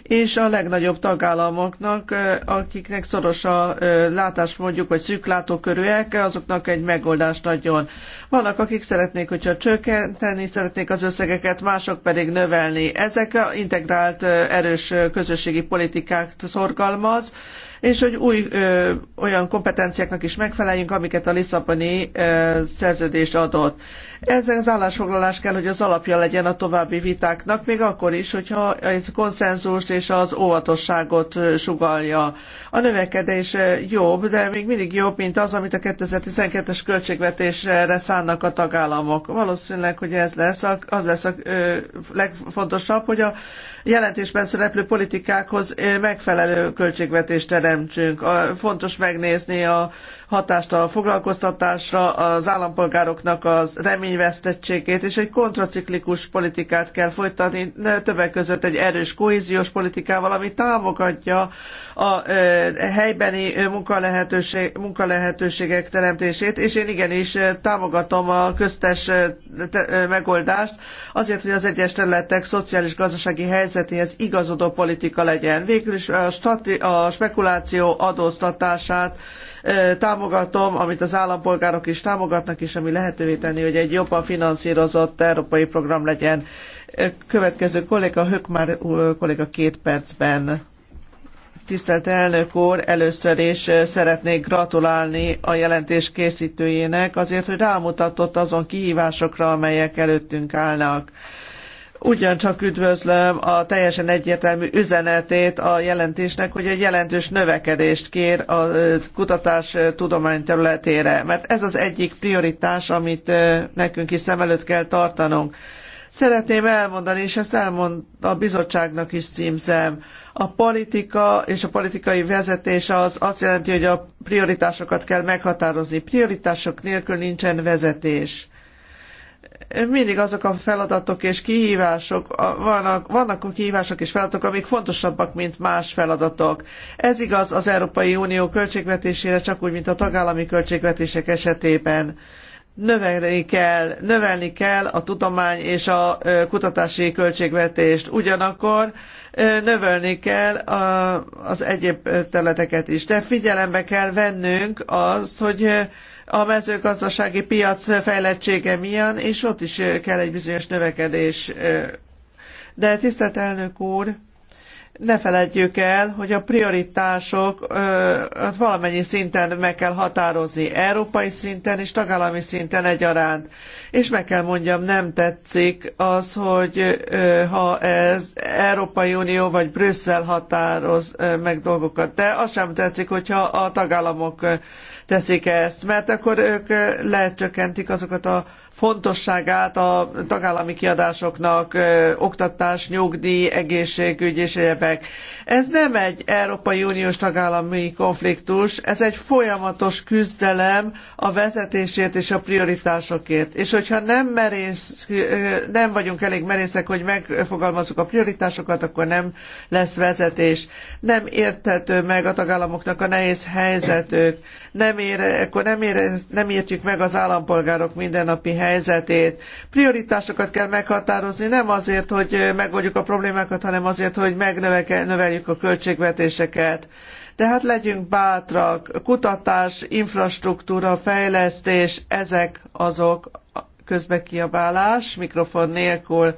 és a legnagyobb tagállamoknak, akiknek szoros a látás mondjuk, vagy szűklátókörűek, azoknak egy megoldást adjon. Vannak, akik szeretnék, hogyha csökkenteni szeretnék az összegeket, mások pedig növelni. Ezek a integrált erős közösségi politikát szorgalmaz, és hogy új ö, olyan kompetenciáknak is megfeleljünk, amiket a Lisszaboni ö, szerződés adott. Ez az állásfoglalás kell, hogy az alapja legyen a további vitáknak, még akkor is, hogyha ez konszenzust és az óvatosságot sugalja. A növekedés jobb, de még mindig jobb, mint az, amit a 2012-es költségvetésre szánnak a tagállamok. Valószínűleg, hogy ez lesz, az lesz a legfontosabb, hogy a jelentésben szereplő politikákhoz megfelelő költségvetést teremtsünk. Fontos megnézni a hatást a foglalkoztatásra, az állampolgároknak az reményvesztettségét, és egy kontraciklikus politikát kell folytatni, többek között egy erős kohéziós politikával, ami támogatja a helybeni munkalehetőség, munkalehetőségek teremtését, és én igenis támogatom a köztes megoldást azért, hogy az egyes területek szociális-gazdasági helyzetéhez igazodó politika legyen. Végül is a, stati- a spekuláció adóztatását támogatom, amit az állampolgárok is támogatnak, és ami lehetővé tenni, hogy egy jobban finanszírozott európai program legyen. Következő kolléga, Hökmár kolléga két percben. Tisztelt elnök úr, először is szeretnék gratulálni a jelentés készítőjének azért, hogy rámutatott azon kihívásokra, amelyek előttünk állnak Ugyancsak üdvözlöm a teljesen egyértelmű üzenetét a jelentésnek, hogy egy jelentős növekedést kér a kutatás tudomány területére, mert ez az egyik prioritás, amit nekünk is szem előtt kell tartanunk. Szeretném elmondani, és ezt elmond a bizottságnak is címzem, a politika és a politikai vezetés az azt jelenti, hogy a prioritásokat kell meghatározni. Prioritások nélkül nincsen vezetés mindig azok a feladatok és kihívások, vannak, vannak kihívások és feladatok, amik fontosabbak, mint más feladatok. Ez igaz az Európai Unió költségvetésére, csak úgy, mint a tagállami költségvetések esetében növelni kell, növelni kell a tudomány és a kutatási költségvetést. Ugyanakkor növelni kell az egyéb területeket is. De figyelembe kell vennünk az, hogy a mezőgazdasági piac fejlettsége milyen, és ott is kell egy bizonyos növekedés. De tisztelt elnök úr, ne feledjük el, hogy a prioritások valamennyi szinten meg kell határozni, európai szinten és tagállami szinten egyaránt. És meg kell mondjam, nem tetszik az, hogy ha ez Európai Unió vagy Brüsszel határoz meg dolgokat, de az sem tetszik, hogyha a tagállamok teszik ezt, mert akkor ők lecsökkentik azokat a fontosságát a tagállami kiadásoknak, oktatás, nyugdíj, egészségügy és egyebek. Ez nem egy Európai Uniós tagállami konfliktus, ez egy folyamatos küzdelem a vezetésért és a prioritásokért. És hogyha nem, merész, nem vagyunk elég merészek, hogy megfogalmazzuk a prioritásokat, akkor nem lesz vezetés. Nem érthető meg a tagállamoknak a nehéz helyzetük, nem ér, akkor nem, ér, nem értjük meg az állampolgárok mindennapi helyzetét helyzetét. Prioritásokat kell meghatározni, nem azért, hogy megoldjuk a problémákat, hanem azért, hogy megnöveljük a költségvetéseket. Tehát legyünk bátrak, kutatás, infrastruktúra, fejlesztés, ezek azok közbekiabálás, mikrofon nélkül.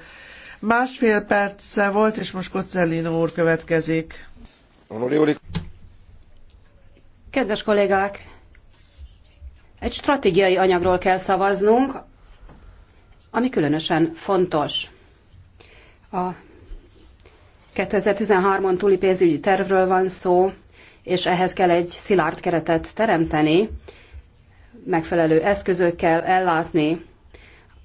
Másfél perce volt, és most Koccellino úr következik. Kedves kollégák! Egy stratégiai anyagról kell szavaznunk, ami különösen fontos. A 2013-on túli pénzügyi tervről van szó, és ehhez kell egy szilárd keretet teremteni, megfelelő eszközökkel ellátni.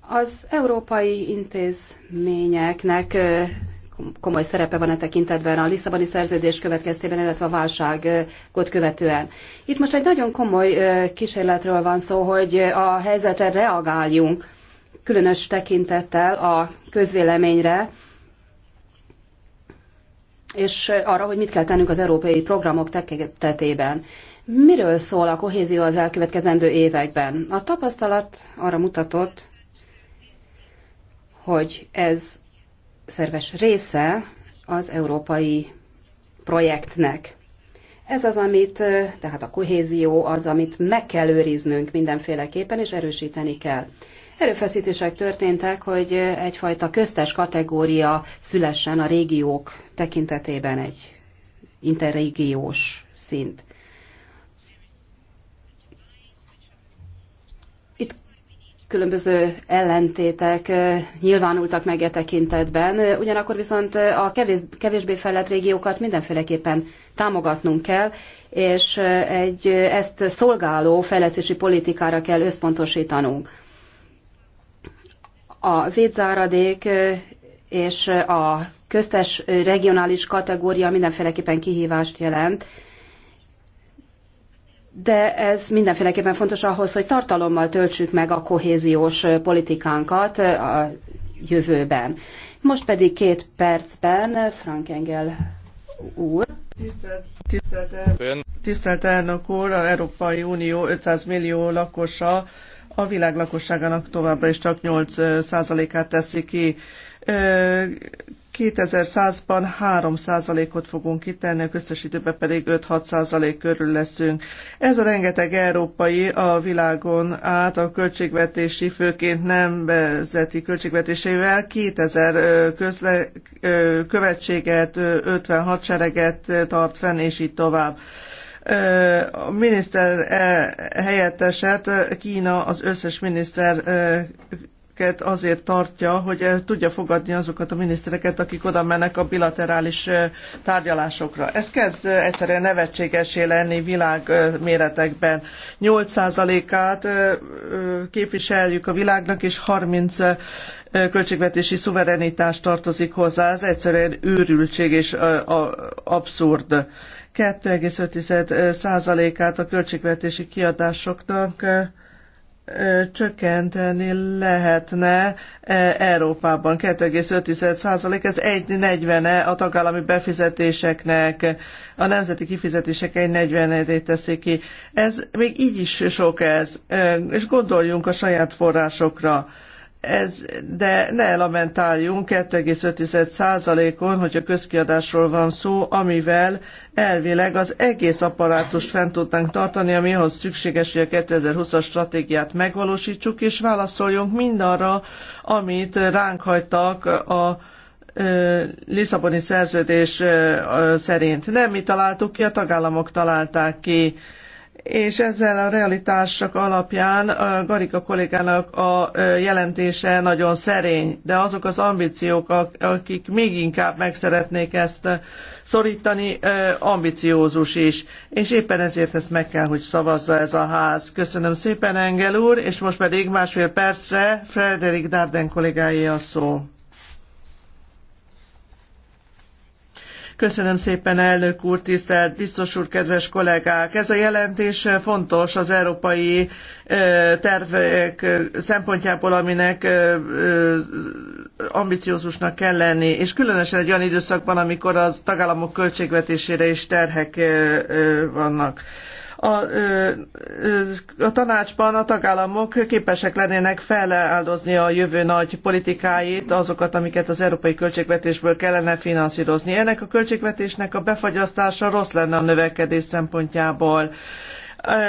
Az európai intézményeknek komoly szerepe van e tekintetben a Lisszaboni szerződés következtében, illetve a válságot követően. Itt most egy nagyon komoly kísérletről van szó, hogy a helyzetre reagáljunk különös tekintettel a közvéleményre, és arra, hogy mit kell tennünk az európai programok tekintetében. Miről szól a kohézió az elkövetkezendő években? A tapasztalat arra mutatott, hogy ez szerves része az európai projektnek. Ez az, amit, tehát a kohézió az, amit meg kell őriznünk mindenféleképpen, és erősíteni kell. Erőfeszítések történtek, hogy egyfajta köztes kategória szülessen a régiók tekintetében egy interregiós szint. Itt különböző ellentétek nyilvánultak meg e tekintetben, ugyanakkor viszont a kevés, kevésbé fejlett régiókat mindenféleképpen támogatnunk kell, és egy ezt szolgáló fejlesztési politikára kell összpontosítanunk a vízáradék és a köztes regionális kategória mindenféleképpen kihívást jelent, de ez mindenféleképpen fontos ahhoz, hogy tartalommal töltsük meg a kohéziós politikánkat a jövőben. Most pedig két percben Frank Engel úr. Tisztelt, tisztelt, tisztelt elnök úr, a Európai Unió 500 millió lakosa a világ lakosságának továbbra is csak 8%-át teszi ki. 2100-ban 3%-ot fogunk kitenni, a köztes időben pedig 5-6% körül leszünk. Ez a rengeteg európai a világon át a költségvetési, főként nem vezeti költségvetésével 2000 közle, követséget, 56 sereget tart fenn, és így tovább a miniszter e, helyetteset Kína az összes miniszterket azért tartja, hogy tudja fogadni azokat a minisztereket, akik oda mennek a bilaterális tárgyalásokra. Ez kezd egyszerűen nevetségesé lenni világméretekben. 8%-át képviseljük a világnak, és 30 költségvetési szuverenitás tartozik hozzá. Ez egyszerűen őrültség és abszurd 2,5%-át a költségvetési kiadásoknak csökkenteni lehetne Európában. 2,5% ez 1,40-e a tagállami befizetéseknek, a nemzeti kifizetések 140 et teszi ki. Ez még így is sok ez, és gondoljunk a saját forrásokra ez, de ne lamentáljunk 2,5%-on, hogyha közkiadásról van szó, amivel elvileg az egész apparátust fent tudnánk tartani, ami ahhoz szükséges, hogy a 2020-as stratégiát megvalósítsuk, és válaszoljunk mindarra, amit ránk hagytak a Lisszaboni szerződés szerint. Nem mi találtuk ki, a tagállamok találták ki és ezzel a realitások alapján a Garika kollégának a jelentése nagyon szerény, de azok az ambíciók, akik még inkább meg szeretnék ezt szorítani, ambiciózus is, és éppen ezért ezt meg kell, hogy szavazza ez a ház. Köszönöm szépen, Engel úr, és most pedig másfél percre Frederik Darden kollégáé a szó. Köszönöm szépen, elnök úr, tisztelt biztos úr, kedves kollégák! Ez a jelentés fontos az európai tervek szempontjából, aminek ambiciózusnak kell lenni, és különösen egy olyan időszakban, amikor az tagállamok költségvetésére is terhek vannak a, a tanácsban a tagállamok képesek lennének feláldozni a jövő nagy politikáit, azokat, amiket az európai költségvetésből kellene finanszírozni. Ennek a költségvetésnek a befagyasztása rossz lenne a növekedés szempontjából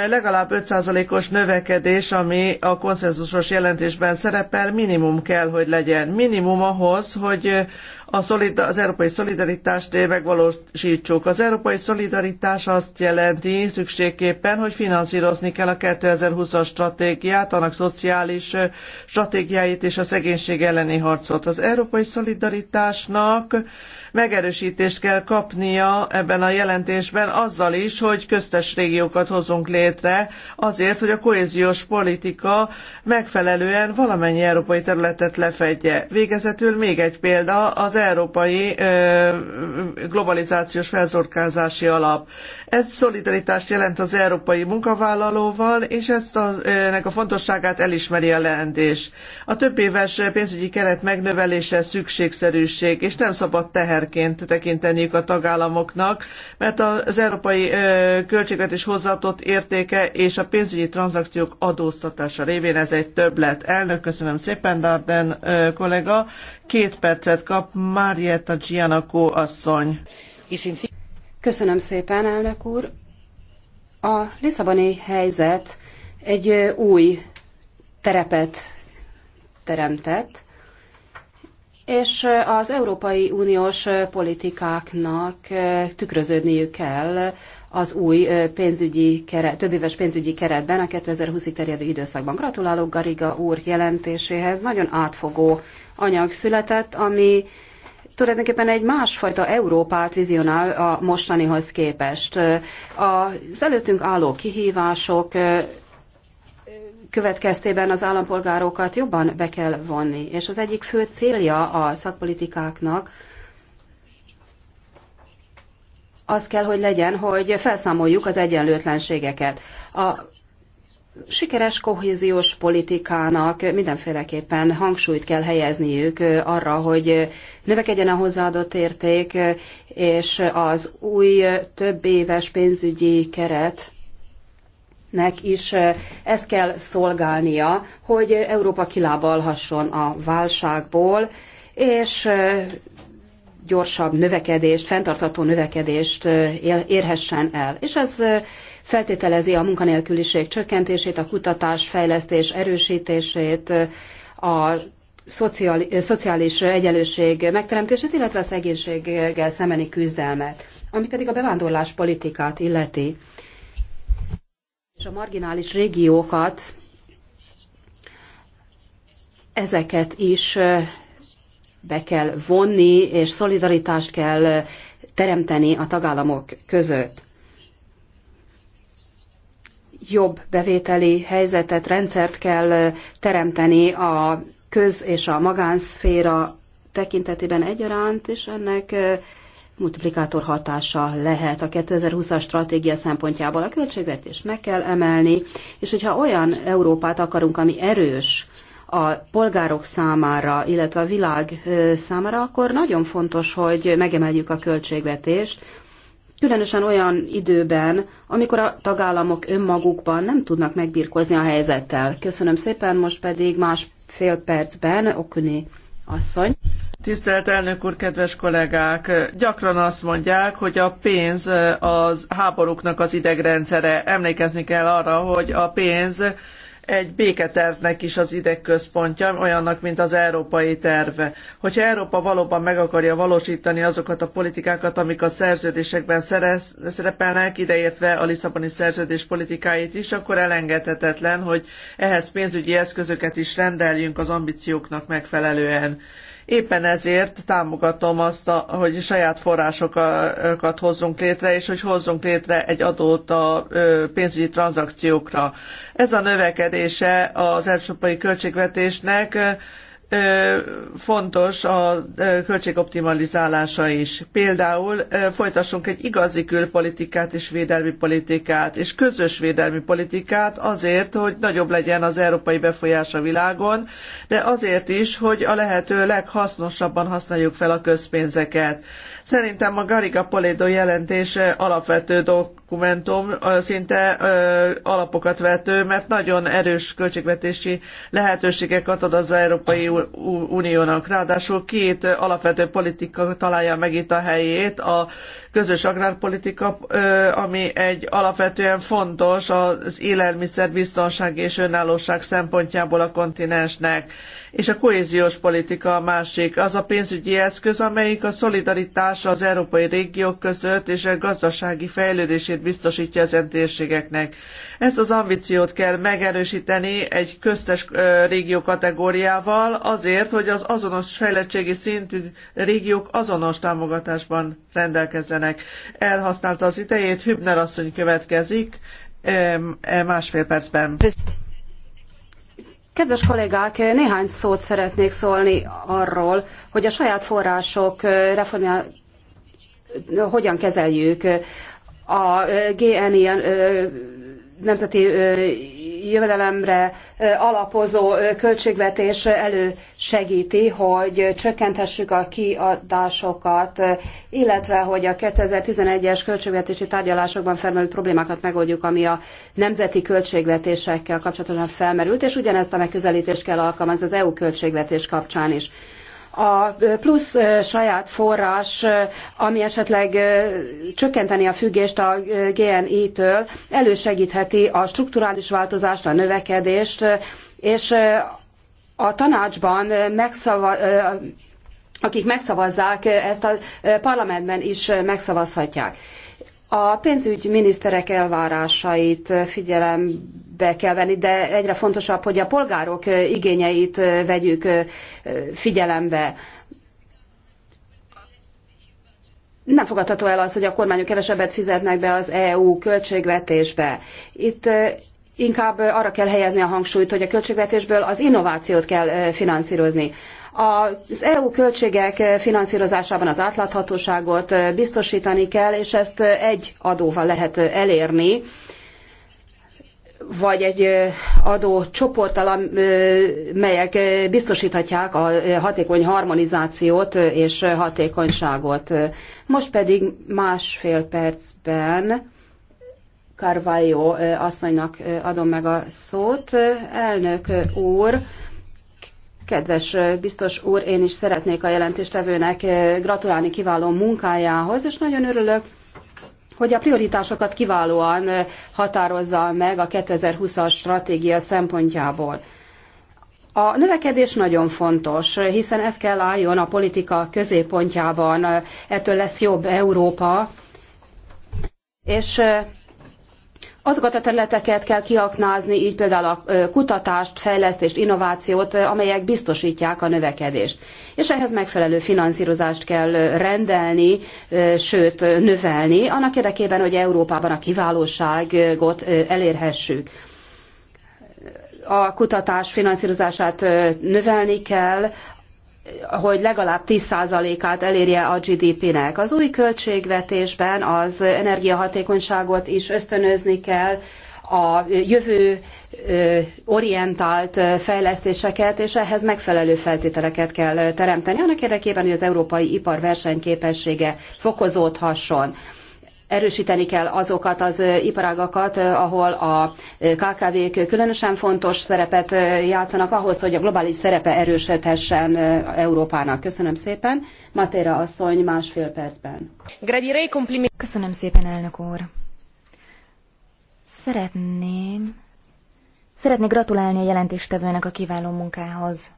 legalább 5%-os növekedés, ami a konszenzusos jelentésben szerepel, minimum kell, hogy legyen. Minimum ahhoz, hogy a szolid az európai szolidaritást megvalósítsuk. Az európai szolidaritás azt jelenti szükségképpen, hogy finanszírozni kell a 2020-as stratégiát, annak szociális stratégiáit és a szegénység elleni harcot. Az európai szolidaritásnak megerősítést kell kapnia ebben a jelentésben azzal is, hogy köztes régiókat hozunk létre, azért, hogy a kohéziós politika megfelelően valamennyi európai területet lefedje. Végezetül még egy példa, az európai globalizációs felzorkázási alap. Ez szolidaritást jelent az európai munkavállalóval, és ezt a, ennek a fontosságát elismeri a leendés. A több éves pénzügyi keret megnövelése szükségszerűség, és nem szabad teherként tekinteniük a tagállamoknak, mert az európai költségvetés hozzáadott értéke és a pénzügyi tranzakciók adóztatása révén ez egy többlet. Elnök, köszönöm szépen, Darden kollega. Két percet kap Marietta Gianakó asszony. Köszönöm szépen, elnök úr. A Lisszaboni helyzet egy új terepet teremtett, és az Európai Uniós politikáknak tükröződniük kell az új pénzügyi keret, többéves pénzügyi keretben a 2020-ig terjedő időszakban. Gratulálok Gariga úr jelentéséhez. Nagyon átfogó anyag született, ami tulajdonképpen egy másfajta Európát vizionál a mostanihoz képest. Az előttünk álló kihívások következtében az állampolgárokat jobban be kell vonni, és az egyik fő célja a szakpolitikáknak az kell, hogy legyen, hogy felszámoljuk az egyenlőtlenségeket. A sikeres kohéziós politikának mindenféleképpen hangsúlyt kell helyezniük arra, hogy növekedjen a hozzáadott érték, és az új több éves pénzügyi keret nek is ezt kell szolgálnia, hogy Európa kilábalhasson a válságból, és gyorsabb növekedést, fenntartható növekedést érhessen el. És ez feltételezi a munkanélküliség csökkentését, a kutatás, fejlesztés erősítését, a szociális egyenlőség megteremtését, illetve a szegénységgel szembeni küzdelmet, ami pedig a bevándorlás politikát illeti. És a marginális régiókat, ezeket is be kell vonni, és szolidaritást kell teremteni a tagállamok között jobb bevételi helyzetet, rendszert kell teremteni a köz- és a magánszféra tekintetében egyaránt, és ennek multiplikátor hatása lehet a 2020-as stratégia szempontjából. A költségvetést meg kell emelni, és hogyha olyan Európát akarunk, ami erős a polgárok számára, illetve a világ számára, akkor nagyon fontos, hogy megemeljük a költségvetést, különösen olyan időben, amikor a tagállamok önmagukban nem tudnak megbírkozni a helyzettel. Köszönöm szépen, most pedig más fél percben Okuni asszony. Tisztelt elnök úr, kedves kollégák! Gyakran azt mondják, hogy a pénz az háborúknak az idegrendszere. Emlékezni kell arra, hogy a pénz egy béketervnek is az idegközpontja, olyannak, mint az európai terve. Hogyha Európa valóban meg akarja valósítani azokat a politikákat, amik a szerződésekben szerez, szerepelnek, ideértve a Lisszaboni szerződés politikáit is, akkor elengedhetetlen, hogy ehhez pénzügyi eszközöket is rendeljünk az ambícióknak megfelelően Éppen ezért támogatom azt, a, hogy saját forrásokat hozzunk létre, és hogy hozzunk létre egy adót a pénzügyi tranzakciókra. Ez a növekedése az európai költségvetésnek fontos a költségoptimalizálása is. Például folytassunk egy igazi külpolitikát és védelmi politikát, és közös védelmi politikát azért, hogy nagyobb legyen az európai befolyás a világon, de azért is, hogy a lehető leghasznosabban használjuk fel a közpénzeket. Szerintem a Gariga Polédo jelentése alapvető dolg dokumentum szinte alapokat vető, mert nagyon erős költségvetési lehetőségeket ad az Európai Uniónak. Ráadásul két alapvető politika találja meg itt a helyét, a közös agrárpolitika, ami egy alapvetően fontos az élelmiszer biztonság és önállóság szempontjából a kontinensnek és a kohéziós politika a másik, az a pénzügyi eszköz, amelyik a szolidaritás az európai régiók között és a gazdasági fejlődését biztosítja ezen térségeknek. Ezt az ambíciót kell megerősíteni egy köztes régió kategóriával azért, hogy az azonos fejlettségi szintű régiók azonos támogatásban rendelkezzenek. Elhasználta az idejét, Hübner asszony következik e másfél percben. Kedves kollégák, néhány szót szeretnék szólni arról, hogy a saját források reformja hogyan kezeljük a GNI nemzeti jövedelemre alapozó költségvetés elősegíti, hogy csökkenthessük a kiadásokat, illetve hogy a 2011-es költségvetési tárgyalásokban felmerült problémákat megoldjuk, ami a nemzeti költségvetésekkel kapcsolatosan felmerült, és ugyanezt a megközelítést kell alkalmazni az EU költségvetés kapcsán is a plusz saját forrás, ami esetleg csökkenteni a függést a GNI-től, elősegítheti a strukturális változást, a növekedést, és a tanácsban megszava, akik megszavazzák, ezt a parlamentben is megszavazhatják. A miniszterek elvárásait figyelembe kell venni, de egyre fontosabb, hogy a polgárok igényeit vegyük figyelembe. Nem fogadható el az, hogy a kormányok kevesebbet fizetnek be az EU költségvetésbe. Itt inkább arra kell helyezni a hangsúlyt, hogy a költségvetésből az innovációt kell finanszírozni. Az EU költségek finanszírozásában az átláthatóságot biztosítani kell, és ezt egy adóval lehet elérni, vagy egy adócsoporttal, melyek biztosíthatják a hatékony harmonizációt és hatékonyságot. Most pedig másfél percben Carvalho asszonynak adom meg a szót. Elnök úr, Kedves biztos úr, én is szeretnék a jelentéstevőnek gratulálni kiváló munkájához, és nagyon örülök, hogy a prioritásokat kiválóan határozza meg a 2020-as stratégia szempontjából. A növekedés nagyon fontos, hiszen ez kell álljon a politika középpontjában, ettől lesz jobb Európa, és azokat a területeket kell kiaknázni, így például a kutatást, fejlesztést, innovációt, amelyek biztosítják a növekedést. És ehhez megfelelő finanszírozást kell rendelni, sőt növelni, annak érdekében, hogy Európában a kiválóságot elérhessük. A kutatás finanszírozását növelni kell, hogy legalább 10%-át elérje a GDP-nek. Az új költségvetésben az energiahatékonyságot is ösztönözni kell, a jövő orientált fejlesztéseket, és ehhez megfelelő feltételeket kell teremteni, annak érdekében, hogy az európai ipar versenyképessége fokozódhasson erősíteni kell azokat az iparágakat, ahol a KKV-k különösen fontos szerepet játszanak ahhoz, hogy a globális szerepe erősödhessen Európának. Köszönöm szépen. Matéra asszony másfél percben. Köszönöm szépen, elnök úr. Szeretném... Szeretnék gratulálni a jelentéstevőnek a kiváló munkához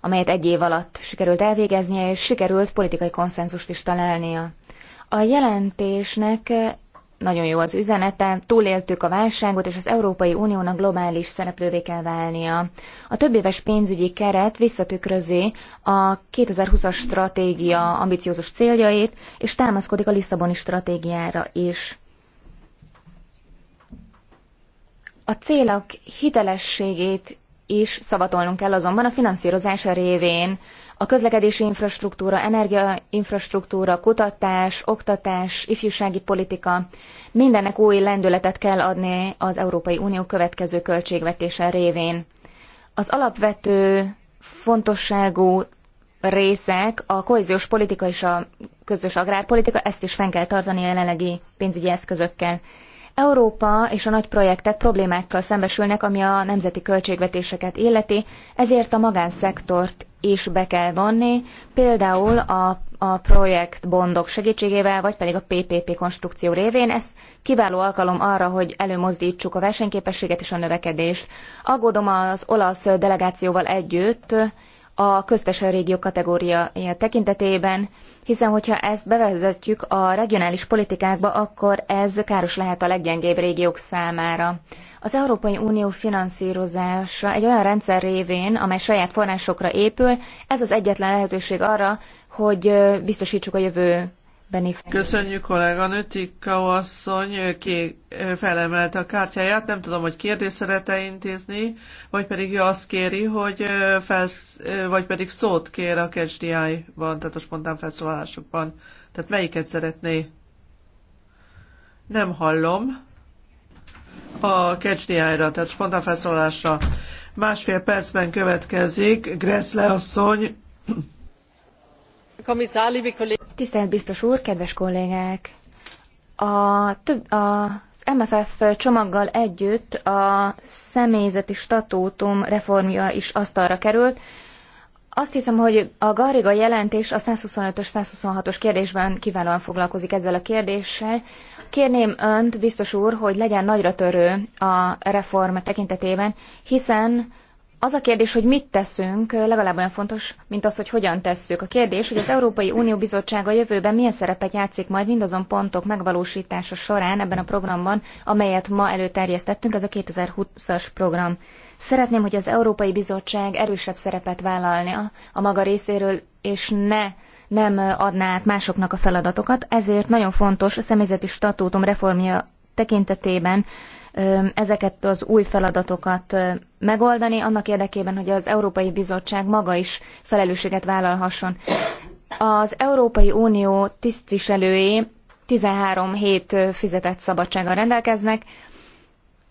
amelyet egy év alatt sikerült elvégeznie, és sikerült politikai konszenzust is találnia. A jelentésnek nagyon jó az üzenete, túléltük a válságot, és az Európai Uniónak globális szereplővé kell válnia. A többéves pénzügyi keret visszatükrözi a 2020-as stratégia ambiciózus céljait, és támaszkodik a Lisszaboni stratégiára is. A célok hitelességét is szavatolnunk kell azonban a finanszírozása révén. A közlekedési infrastruktúra, energiainfrastruktúra, kutatás, oktatás, ifjúsági politika, mindennek új lendületet kell adni az Európai Unió következő költségvetése révén. Az alapvető fontosságú részek, a kohéziós politika és a közös agrárpolitika, ezt is fenn kell tartani a jelenlegi pénzügyi eszközökkel. Európa és a nagy projektek problémákkal szembesülnek, ami a nemzeti költségvetéseket illeti, ezért a magánszektort is be kell vonni, például a, a projektbondok segítségével, vagy pedig a PPP konstrukció révén. Ez kiváló alkalom arra, hogy előmozdítsuk a versenyképességet és a növekedést. Aggódom az olasz delegációval együtt, a köztes régió kategóriája tekintetében, hiszen hogyha ezt bevezetjük a regionális politikákba, akkor ez káros lehet a leggyengébb régiók számára. Az Európai Unió finanszírozása egy olyan rendszer révén, amely saját forrásokra épül, ez az egyetlen lehetőség arra, hogy biztosítsuk a jövő Köszönjük kolléganő, Tikkau asszony ki felemelte a kártyáját, nem tudom, hogy kérdést szeretne intézni, vagy pedig ő azt kéri, hogy felsz, vagy pedig szót kér a KSDI-ban, tehát a spontán felszólalásokban. Tehát melyiket szeretné? Nem hallom. A KSDI-ra, tehát spontán felszólalásra. Másfél percben következik Gressle asszony. Kommissar, liebe Tisztelt biztos úr, kedves kollégák! A több, az MFF csomaggal együtt a személyzeti statútum reformja is asztalra került. Azt hiszem, hogy a Garriga jelentés a 125-ös, 126-os kérdésben kiválóan foglalkozik ezzel a kérdéssel. Kérném önt, biztos úr, hogy legyen nagyra törő a reform tekintetében, hiszen az a kérdés, hogy mit teszünk, legalább olyan fontos, mint az, hogy hogyan tesszük. A kérdés, hogy az Európai Unió Bizottsága jövőben milyen szerepet játszik majd mindazon pontok megvalósítása során ebben a programban, amelyet ma előterjesztettünk, ez a 2020-as program. Szeretném, hogy az Európai Bizottság erősebb szerepet vállalna a maga részéről, és ne nem adná át másoknak a feladatokat, ezért nagyon fontos a személyzeti statútum reformja tekintetében ezeket az új feladatokat megoldani, annak érdekében, hogy az Európai Bizottság maga is felelősséget vállalhasson. Az Európai Unió tisztviselői 13 hét fizetett szabadsággal rendelkeznek.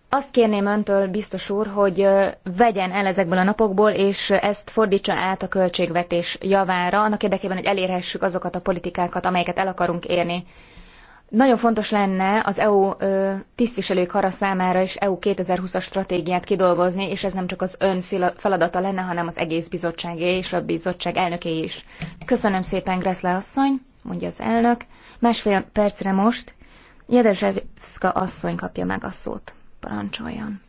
Azt kérném öntől, biztos úr, hogy vegyen el ezekből a napokból, és ezt fordítsa át a költségvetés javára, annak érdekében, hogy elérhessük azokat a politikákat, amelyeket el akarunk érni. Nagyon fontos lenne az EU tisztviselők hara számára is EU 2020-as stratégiát kidolgozni, és ez nem csak az ön feladata lenne, hanem az egész bizottságé és a bizottság elnöké is. Köszönöm szépen, Greszle asszony, mondja az elnök. Másfél percre most Jedezsevszka asszony kapja meg a szót. Parancsoljon.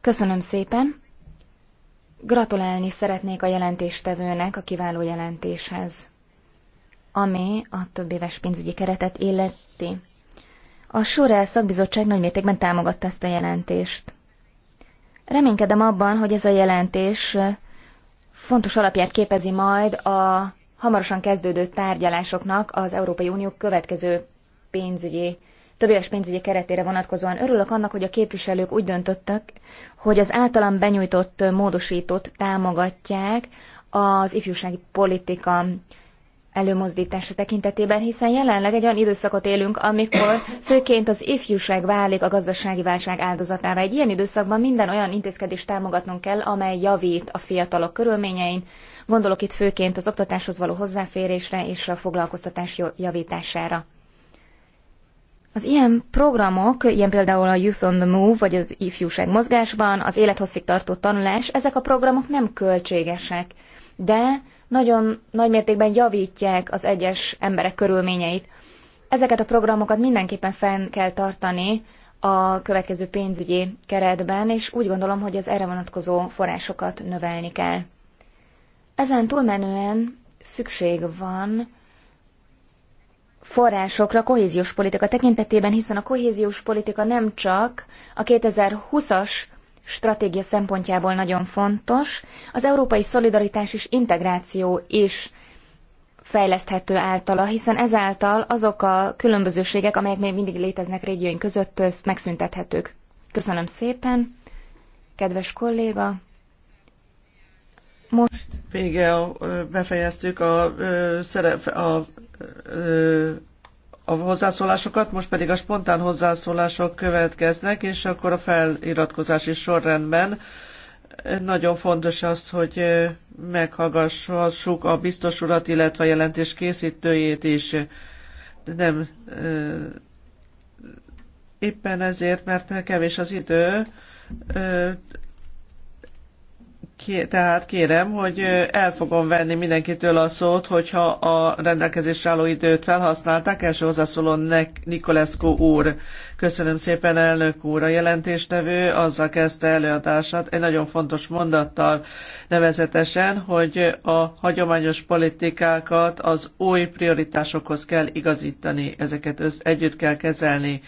Köszönöm szépen. Gratulálni szeretnék a jelentéstevőnek a kiváló jelentéshez ami a több éves pénzügyi keretet illeti. A Surel szakbizottság nagymértékben támogatta ezt a jelentést. Reménykedem abban, hogy ez a jelentés fontos alapját képezi majd a hamarosan kezdődő tárgyalásoknak az Európai Unió következő pénzügyi, éves pénzügyi keretére vonatkozóan. Örülök annak, hogy a képviselők úgy döntöttek, hogy az általam benyújtott módosítót támogatják az ifjúsági politika előmozdítása tekintetében, hiszen jelenleg egy olyan időszakot élünk, amikor főként az ifjúság válik a gazdasági válság áldozatává. Egy ilyen időszakban minden olyan intézkedést támogatnunk kell, amely javít a fiatalok körülményein. Gondolok itt főként az oktatáshoz való hozzáférésre és a foglalkoztatás javítására. Az ilyen programok, ilyen például a Youth on the Move, vagy az ifjúság mozgásban, az élethosszig tartó tanulás, ezek a programok nem költségesek, de nagyon nagy mértékben javítják az egyes emberek körülményeit. Ezeket a programokat mindenképpen fenn kell tartani a következő pénzügyi keretben, és úgy gondolom, hogy az erre vonatkozó forrásokat növelni kell. Ezen túlmenően szükség van forrásokra kohéziós politika tekintetében, hiszen a kohéziós politika nem csak a 2020-as stratégia szempontjából nagyon fontos. Az európai szolidaritás és integráció is fejleszthető általa, hiszen ezáltal azok a különbözőségek, amelyek még mindig léteznek régióink között, megszüntethetők. Köszönöm szépen, kedves kolléga! Most vége, befejeztük a, a, a, a a hozzászólásokat, most pedig a spontán hozzászólások következnek, és akkor a feliratkozási sorrendben nagyon fontos az, hogy meghallgassuk a biztos urat, illetve a jelentés készítőjét is. Nem éppen ezért, mert kevés az idő, tehát kérem, hogy el fogom venni mindenkitől a szót, hogyha a rendelkezésre álló időt felhasználták. Első hozzászóló Nikolescu úr. Köszönöm szépen, elnök úr. A jelentéstevő azzal kezdte előadását egy nagyon fontos mondattal, nevezetesen, hogy a hagyományos politikákat az új prioritásokhoz kell igazítani, ezeket össz, együtt kell kezelni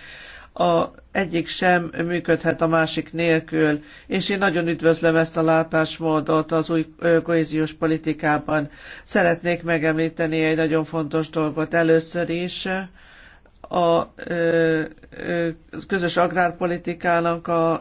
a, egyik sem működhet a másik nélkül, és én nagyon üdvözlöm ezt a látásmódot az új kohéziós politikában. Szeretnék megemlíteni egy nagyon fontos dolgot először is, a közös agrárpolitikának a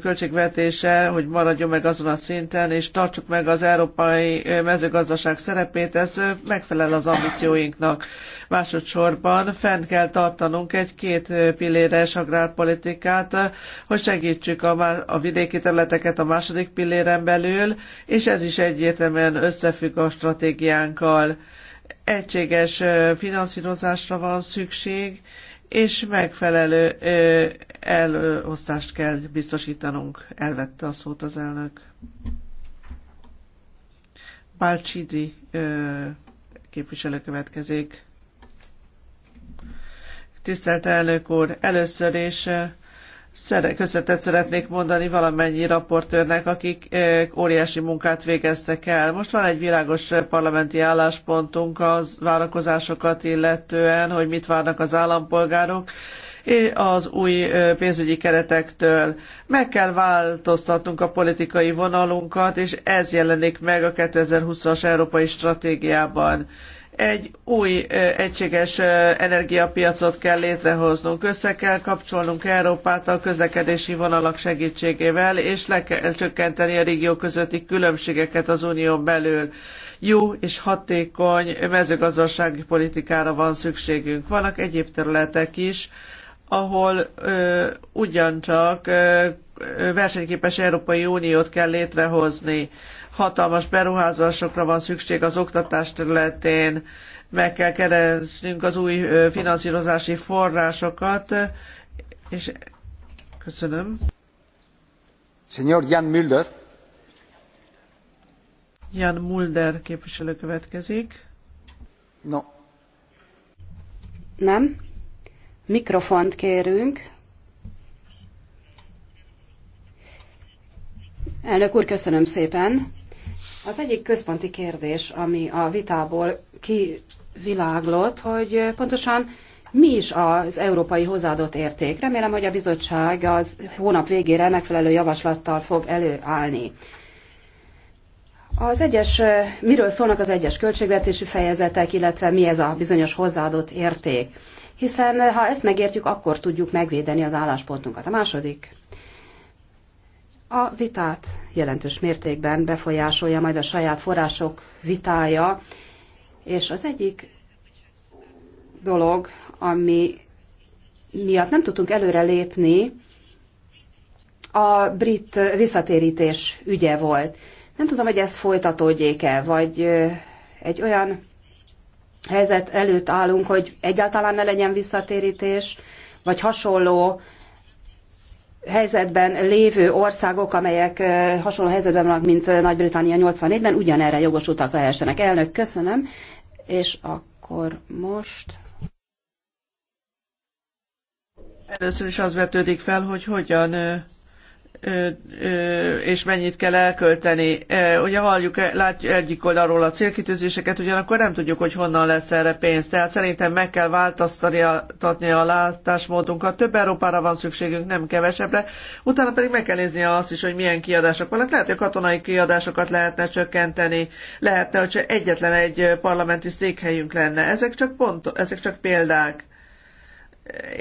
költségvetése, hogy maradjon meg azon a szinten, és tartsuk meg az európai mezőgazdaság szerepét, ez megfelel az ambícióinknak. Másodszorban fenn kell tartanunk egy két pilléres agrárpolitikát, hogy segítsük a, a vidéki területeket a második pilléren belül, és ez is egyértelműen összefügg a stratégiánkkal egységes finanszírozásra van szükség, és megfelelő elosztást kell biztosítanunk. Elvette a szót az elnök. Balcsidi képviselő következik. Tisztelt elnök úr, először is köszönetet szeretnék mondani valamennyi raportőrnek, akik óriási munkát végeztek el. Most van egy világos parlamenti álláspontunk az várakozásokat illetően, hogy mit várnak az állampolgárok az új pénzügyi keretektől. Meg kell változtatnunk a politikai vonalunkat, és ez jelenik meg a 2020-as európai stratégiában egy új egységes energiapiacot kell létrehoznunk. Össze kell kapcsolnunk Európát a közlekedési vonalak segítségével, és le kell csökkenteni a régió közötti különbségeket az unión belül. Jó és hatékony mezőgazdasági politikára van szükségünk. Vannak egyéb területek is, ahol ö, ugyancsak ö, versenyképes Európai Uniót kell létrehozni hatalmas beruházásokra van szükség az oktatás területén, meg kell keresnünk az új finanszírozási forrásokat, és köszönöm. Señor Jan Müller. Jan Mulder képviselő következik. No. Nem. Mikrofont kérünk. Elnök úr, köszönöm szépen. Az egyik központi kérdés, ami a vitából kiviláglott, hogy pontosan mi is az európai hozzáadott érték. Remélem, hogy a bizottság az hónap végére megfelelő javaslattal fog előállni. Az egyes, miről szólnak az egyes költségvetési fejezetek, illetve mi ez a bizonyos hozzáadott érték? Hiszen ha ezt megértjük, akkor tudjuk megvédeni az álláspontunkat. A második a vitát jelentős mértékben befolyásolja majd a saját források vitája, és az egyik dolog, ami miatt nem tudtunk előre lépni, a brit visszatérítés ügye volt. Nem tudom, hogy ez folytatódjék-e, vagy egy olyan helyzet előtt állunk, hogy egyáltalán ne legyen visszatérítés, vagy hasonló helyzetben lévő országok, amelyek hasonló helyzetben vannak, mint Nagy-Britannia 84-ben, ugyanerre jogosultak lehessenek. Elnök, köszönöm. És akkor most... Először is az vetődik fel, hogy hogyan és mennyit kell elkölteni. Ugye halljuk, látjuk egyik oldalról a célkitűzéseket, ugyanakkor nem tudjuk, hogy honnan lesz erre pénz. Tehát szerintem meg kell változtatni a látásmódunkat. Több Európára van szükségünk, nem kevesebbre. Utána pedig meg kell nézni azt is, hogy milyen kiadások vannak. Lehet, hogy a katonai kiadásokat lehetne csökkenteni, lehetne, hogy egyetlen egy parlamenti székhelyünk lenne. Ezek csak, pont, ezek csak példák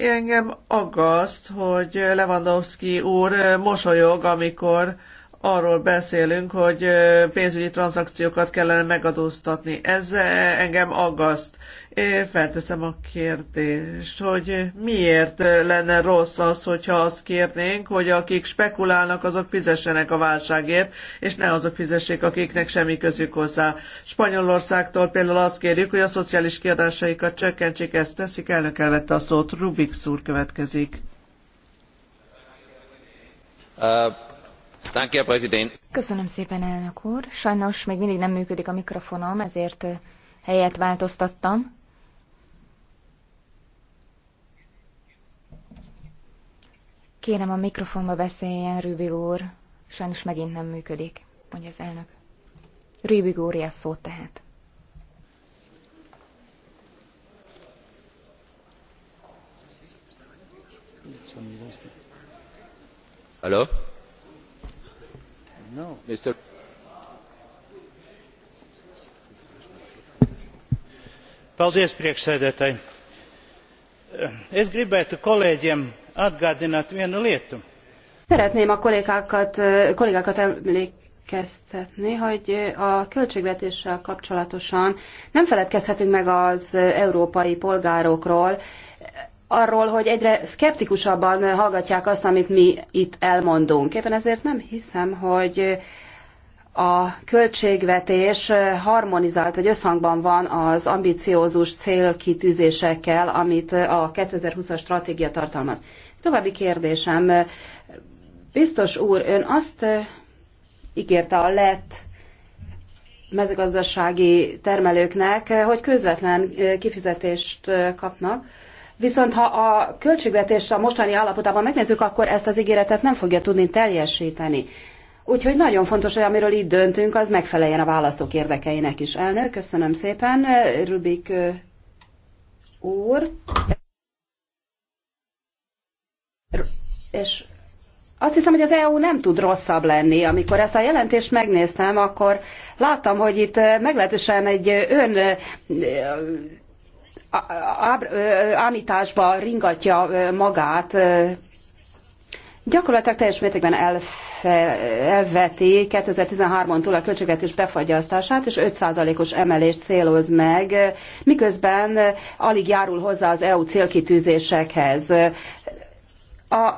engem aggaszt, hogy Lewandowski úr mosolyog, amikor arról beszélünk, hogy pénzügyi tranzakciókat kellene megadóztatni. Ez engem aggaszt felteszem a kérdést, hogy miért lenne rossz az, hogyha azt kérnénk, hogy akik spekulálnak, azok fizessenek a válságért, és ne azok fizessék, akiknek semmi közük hozzá. Spanyolországtól például azt kérjük, hogy a szociális kiadásaikat csökkentsék, ezt teszik, elnök elvette a szót, Rubik szúr következik. Uh, Köszönöm szépen, elnök úr. Sajnos még mindig nem működik a mikrofonom, ezért helyet változtattam. Kérem a mikrofonba beszéljen, Rübi úr. Sajnos megint nem működik, mondja az elnök. Rübi úr ilyen szót tehet. Hello? No. Mr. Paldies, priekšsēdētāji. Es gribētu kolēģiem atgādināt vienu lietu. Szeretném a kollégákat, kollégákat emlékeztetni, hogy a költségvetéssel kapcsolatosan nem feledkezhetünk meg az európai polgárokról, arról, hogy egyre szkeptikusabban hallgatják azt, amit mi itt elmondunk. Éppen ezért nem hiszem, hogy a költségvetés harmonizált vagy összhangban van az ambiciózus célkitűzésekkel, amit a 2020-as stratégia tartalmaz. További kérdésem, biztos úr, ön azt ígérte a lett mezőgazdasági termelőknek, hogy közvetlen kifizetést kapnak, viszont ha a költségvetést a mostani állapotában megnézzük, akkor ezt az ígéretet nem fogja tudni teljesíteni. Úgyhogy nagyon fontos, hogy amiről itt döntünk, az megfeleljen a választók érdekeinek is. Elnök, köszönöm szépen. Rubik úr. És azt hiszem, hogy az EU nem tud rosszabb lenni. Amikor ezt a jelentést megnéztem, akkor láttam, hogy itt meglehetősen egy ön ámításba ringatja magát gyakorlatilag teljes mértékben elfe, elveti 2013-on túl a költségvetés befagyasztását, és 5%-os emelést céloz meg, miközben alig járul hozzá az EU célkitűzésekhez. A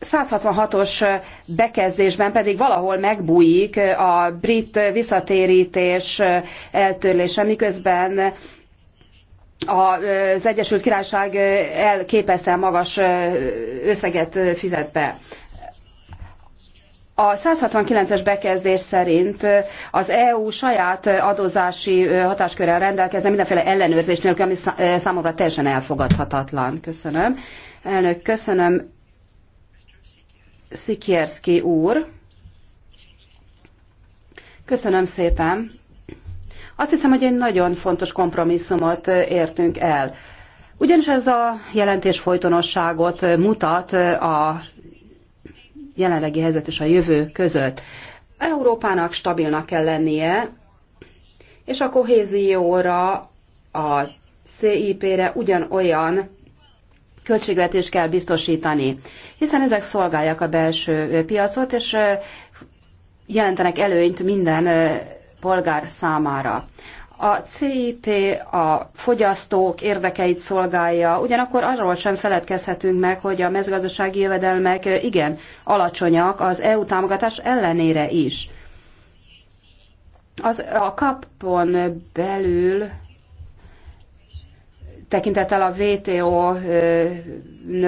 166-os bekezdésben pedig valahol megbújik a brit visszatérítés eltörlése, miközben az Egyesült Királyság elképesztően magas összeget fizet be. A 169-es bekezdés szerint az EU saját adózási hatáskörrel rendelkezne mindenféle ellenőrzés nélkül, ami számomra teljesen elfogadhatatlan. Köszönöm. Elnök, köszönöm. Szikierszki úr. Köszönöm szépen. Azt hiszem, hogy egy nagyon fontos kompromisszumot értünk el. Ugyanis ez a jelentés folytonosságot mutat a jelenlegi helyzet és a jövő között. Európának stabilnak kell lennie, és a kohézióra, a CIP-re ugyanolyan költségvetést kell biztosítani, hiszen ezek szolgálják a belső piacot, és jelentenek előnyt minden polgár számára. A CIP a fogyasztók érdekeit szolgálja, ugyanakkor arról sem feledkezhetünk meg, hogy a mezőgazdasági jövedelmek igen alacsonyak az EU támogatás ellenére is. Az, a kapon belül tekintettel a WTO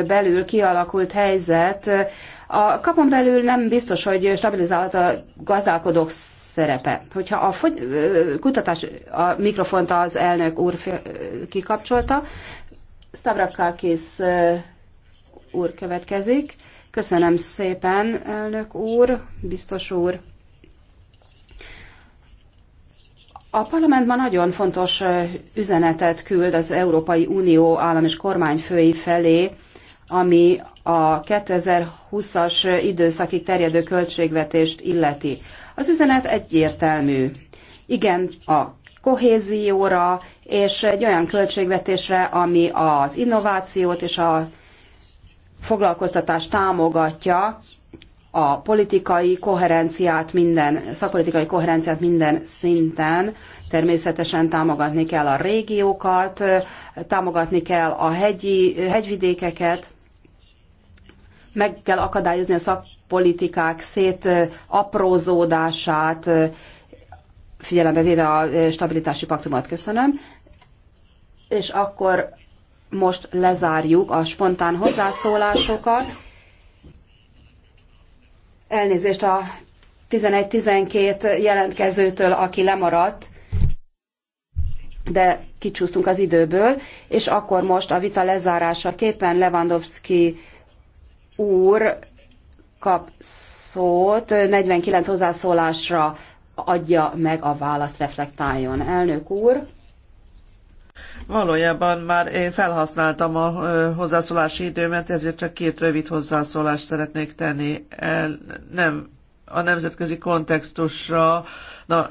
belül kialakult helyzet, a kapon belül nem biztos, hogy stabilizálhat a gazdálkodók szerepe. Hogyha a fogy, kutatás, a mikrofont az elnök úr kikapcsolta, kész úr következik. Köszönöm szépen, elnök úr, biztos úr. A parlament ma nagyon fontos üzenetet küld az Európai Unió állam és kormányfői felé, ami a 2020-as időszakig terjedő költségvetést illeti. Az üzenet egyértelmű. Igen, a kohézióra és egy olyan költségvetésre, ami az innovációt és a foglalkoztatást támogatja, a politikai koherenciát minden, szakpolitikai koherenciát minden szinten, természetesen támogatni kell a régiókat, támogatni kell a hegyi, hegyvidékeket, meg kell akadályozni a szakpolitikák szétaprózódását, figyelembe véve a stabilitási paktumot. Köszönöm. És akkor most lezárjuk a spontán hozzászólásokat. Elnézést a 11-12 jelentkezőtől, aki lemaradt, de kicsúsztunk az időből, és akkor most a vita lezárása képen Lewandowski úr kap szót, 49 hozzászólásra adja meg a választ, reflektáljon. Elnök úr. Valójában már én felhasználtam a hozzászólási időmet, ezért csak két rövid hozzászólást szeretnék tenni. nem a nemzetközi kontextusra, na,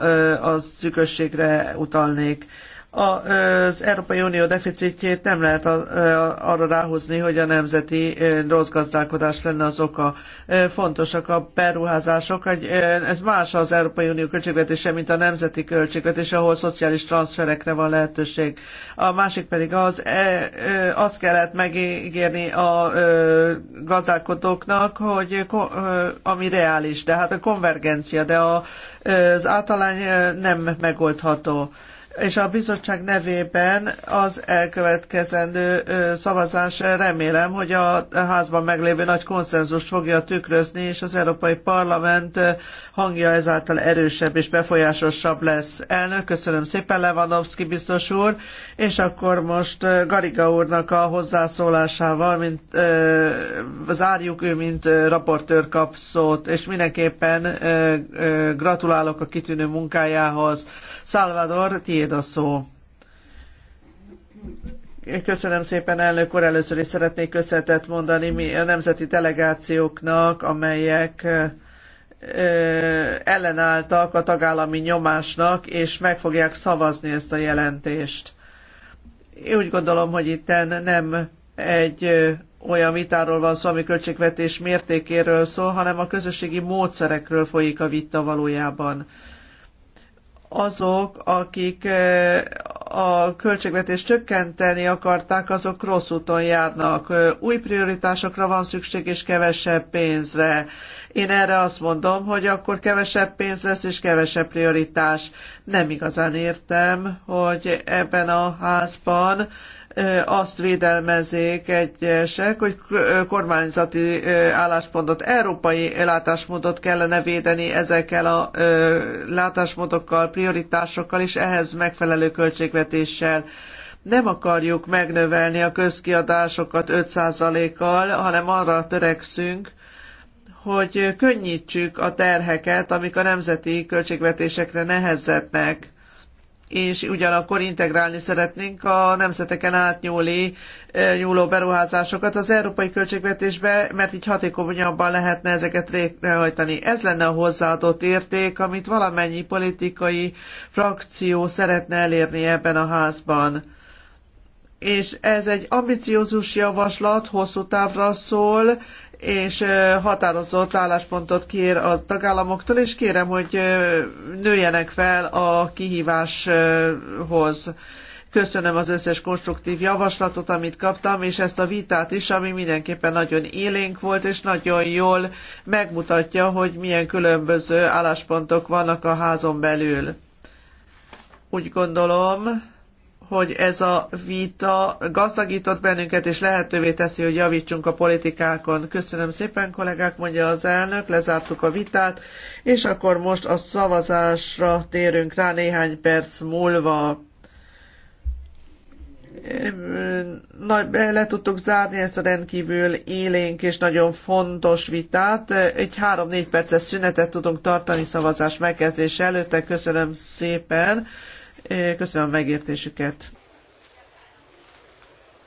a szükösségre utalnék az Európai Unió deficitjét nem lehet arra ráhozni, hogy a nemzeti rossz gazdálkodás lenne az oka. Fontosak a beruházások. Ez más az Európai Unió költségvetése, mint a nemzeti költségvetés, ahol szociális transferekre van lehetőség. A másik pedig az, e, azt kellett megígérni a gazdálkodóknak, hogy ami reális, de hát a konvergencia, de az általány nem megoldható és a bizottság nevében az elkövetkezendő szavazás remélem, hogy a házban meglévő nagy konszenzust fogja tükrözni, és az Európai Parlament hangja ezáltal erősebb és befolyásosabb lesz. Elnök, köszönöm szépen Lewandowski biztos úr, és akkor most Gariga úrnak a hozzászólásával, mint zárjuk ő, mint raportőr kap szót, és mindenképpen gratulálok a kitűnő munkájához. Salvador, ti tiéd a szó. Köszönöm szépen, elnök úr. Először is szeretnék köszönetet mondani mi a nemzeti delegációknak, amelyek ellenálltak a tagállami nyomásnak, és meg fogják szavazni ezt a jelentést. Én úgy gondolom, hogy itt nem egy olyan vitáról van szó, ami költségvetés mértékéről szól, hanem a közösségi módszerekről folyik a vita valójában azok, akik eh, a költségvetést csökkenteni akarták, azok rossz úton járnak. Új prioritásokra van szükség, és kevesebb pénzre. Én erre azt mondom, hogy akkor kevesebb pénz lesz, és kevesebb prioritás. Nem igazán értem, hogy ebben a házban azt védelmezik egyesek, hogy kormányzati álláspontot, európai látásmódot kellene védeni ezekkel a látásmódokkal, prioritásokkal és ehhez megfelelő költségvetéssel nem akarjuk megnövelni a közkiadásokat 5%-kal, hanem arra törekszünk, hogy könnyítsük a terheket, amik a nemzeti költségvetésekre nehezetnek és ugyanakkor integrálni szeretnénk a nemzeteken átnyúli nyúló beruházásokat az európai költségvetésbe, mert így hatékonyabban lehetne ezeket végrehajtani. Ez lenne a hozzáadott érték, amit valamennyi politikai frakció szeretne elérni ebben a házban. És ez egy ambiciózus javaslat, hosszú távra szól, és határozott álláspontot kér a tagállamoktól, és kérem, hogy nőjenek fel a kihíváshoz. Köszönöm az összes konstruktív javaslatot, amit kaptam, és ezt a vitát is, ami mindenképpen nagyon élénk volt, és nagyon jól megmutatja, hogy milyen különböző álláspontok vannak a házon belül. Úgy gondolom, hogy ez a vita gazdagított bennünket, és lehetővé teszi, hogy javítsunk a politikákon. Köszönöm szépen, kollégák, mondja az elnök, lezártuk a vitát, és akkor most a szavazásra térünk rá néhány perc múlva. Nagy, le tudtuk zárni ezt a rendkívül élénk és nagyon fontos vitát. Egy három-négy perces szünetet tudunk tartani szavazás megkezdése előtte. Köszönöm szépen. Köszönöm a megértésüket.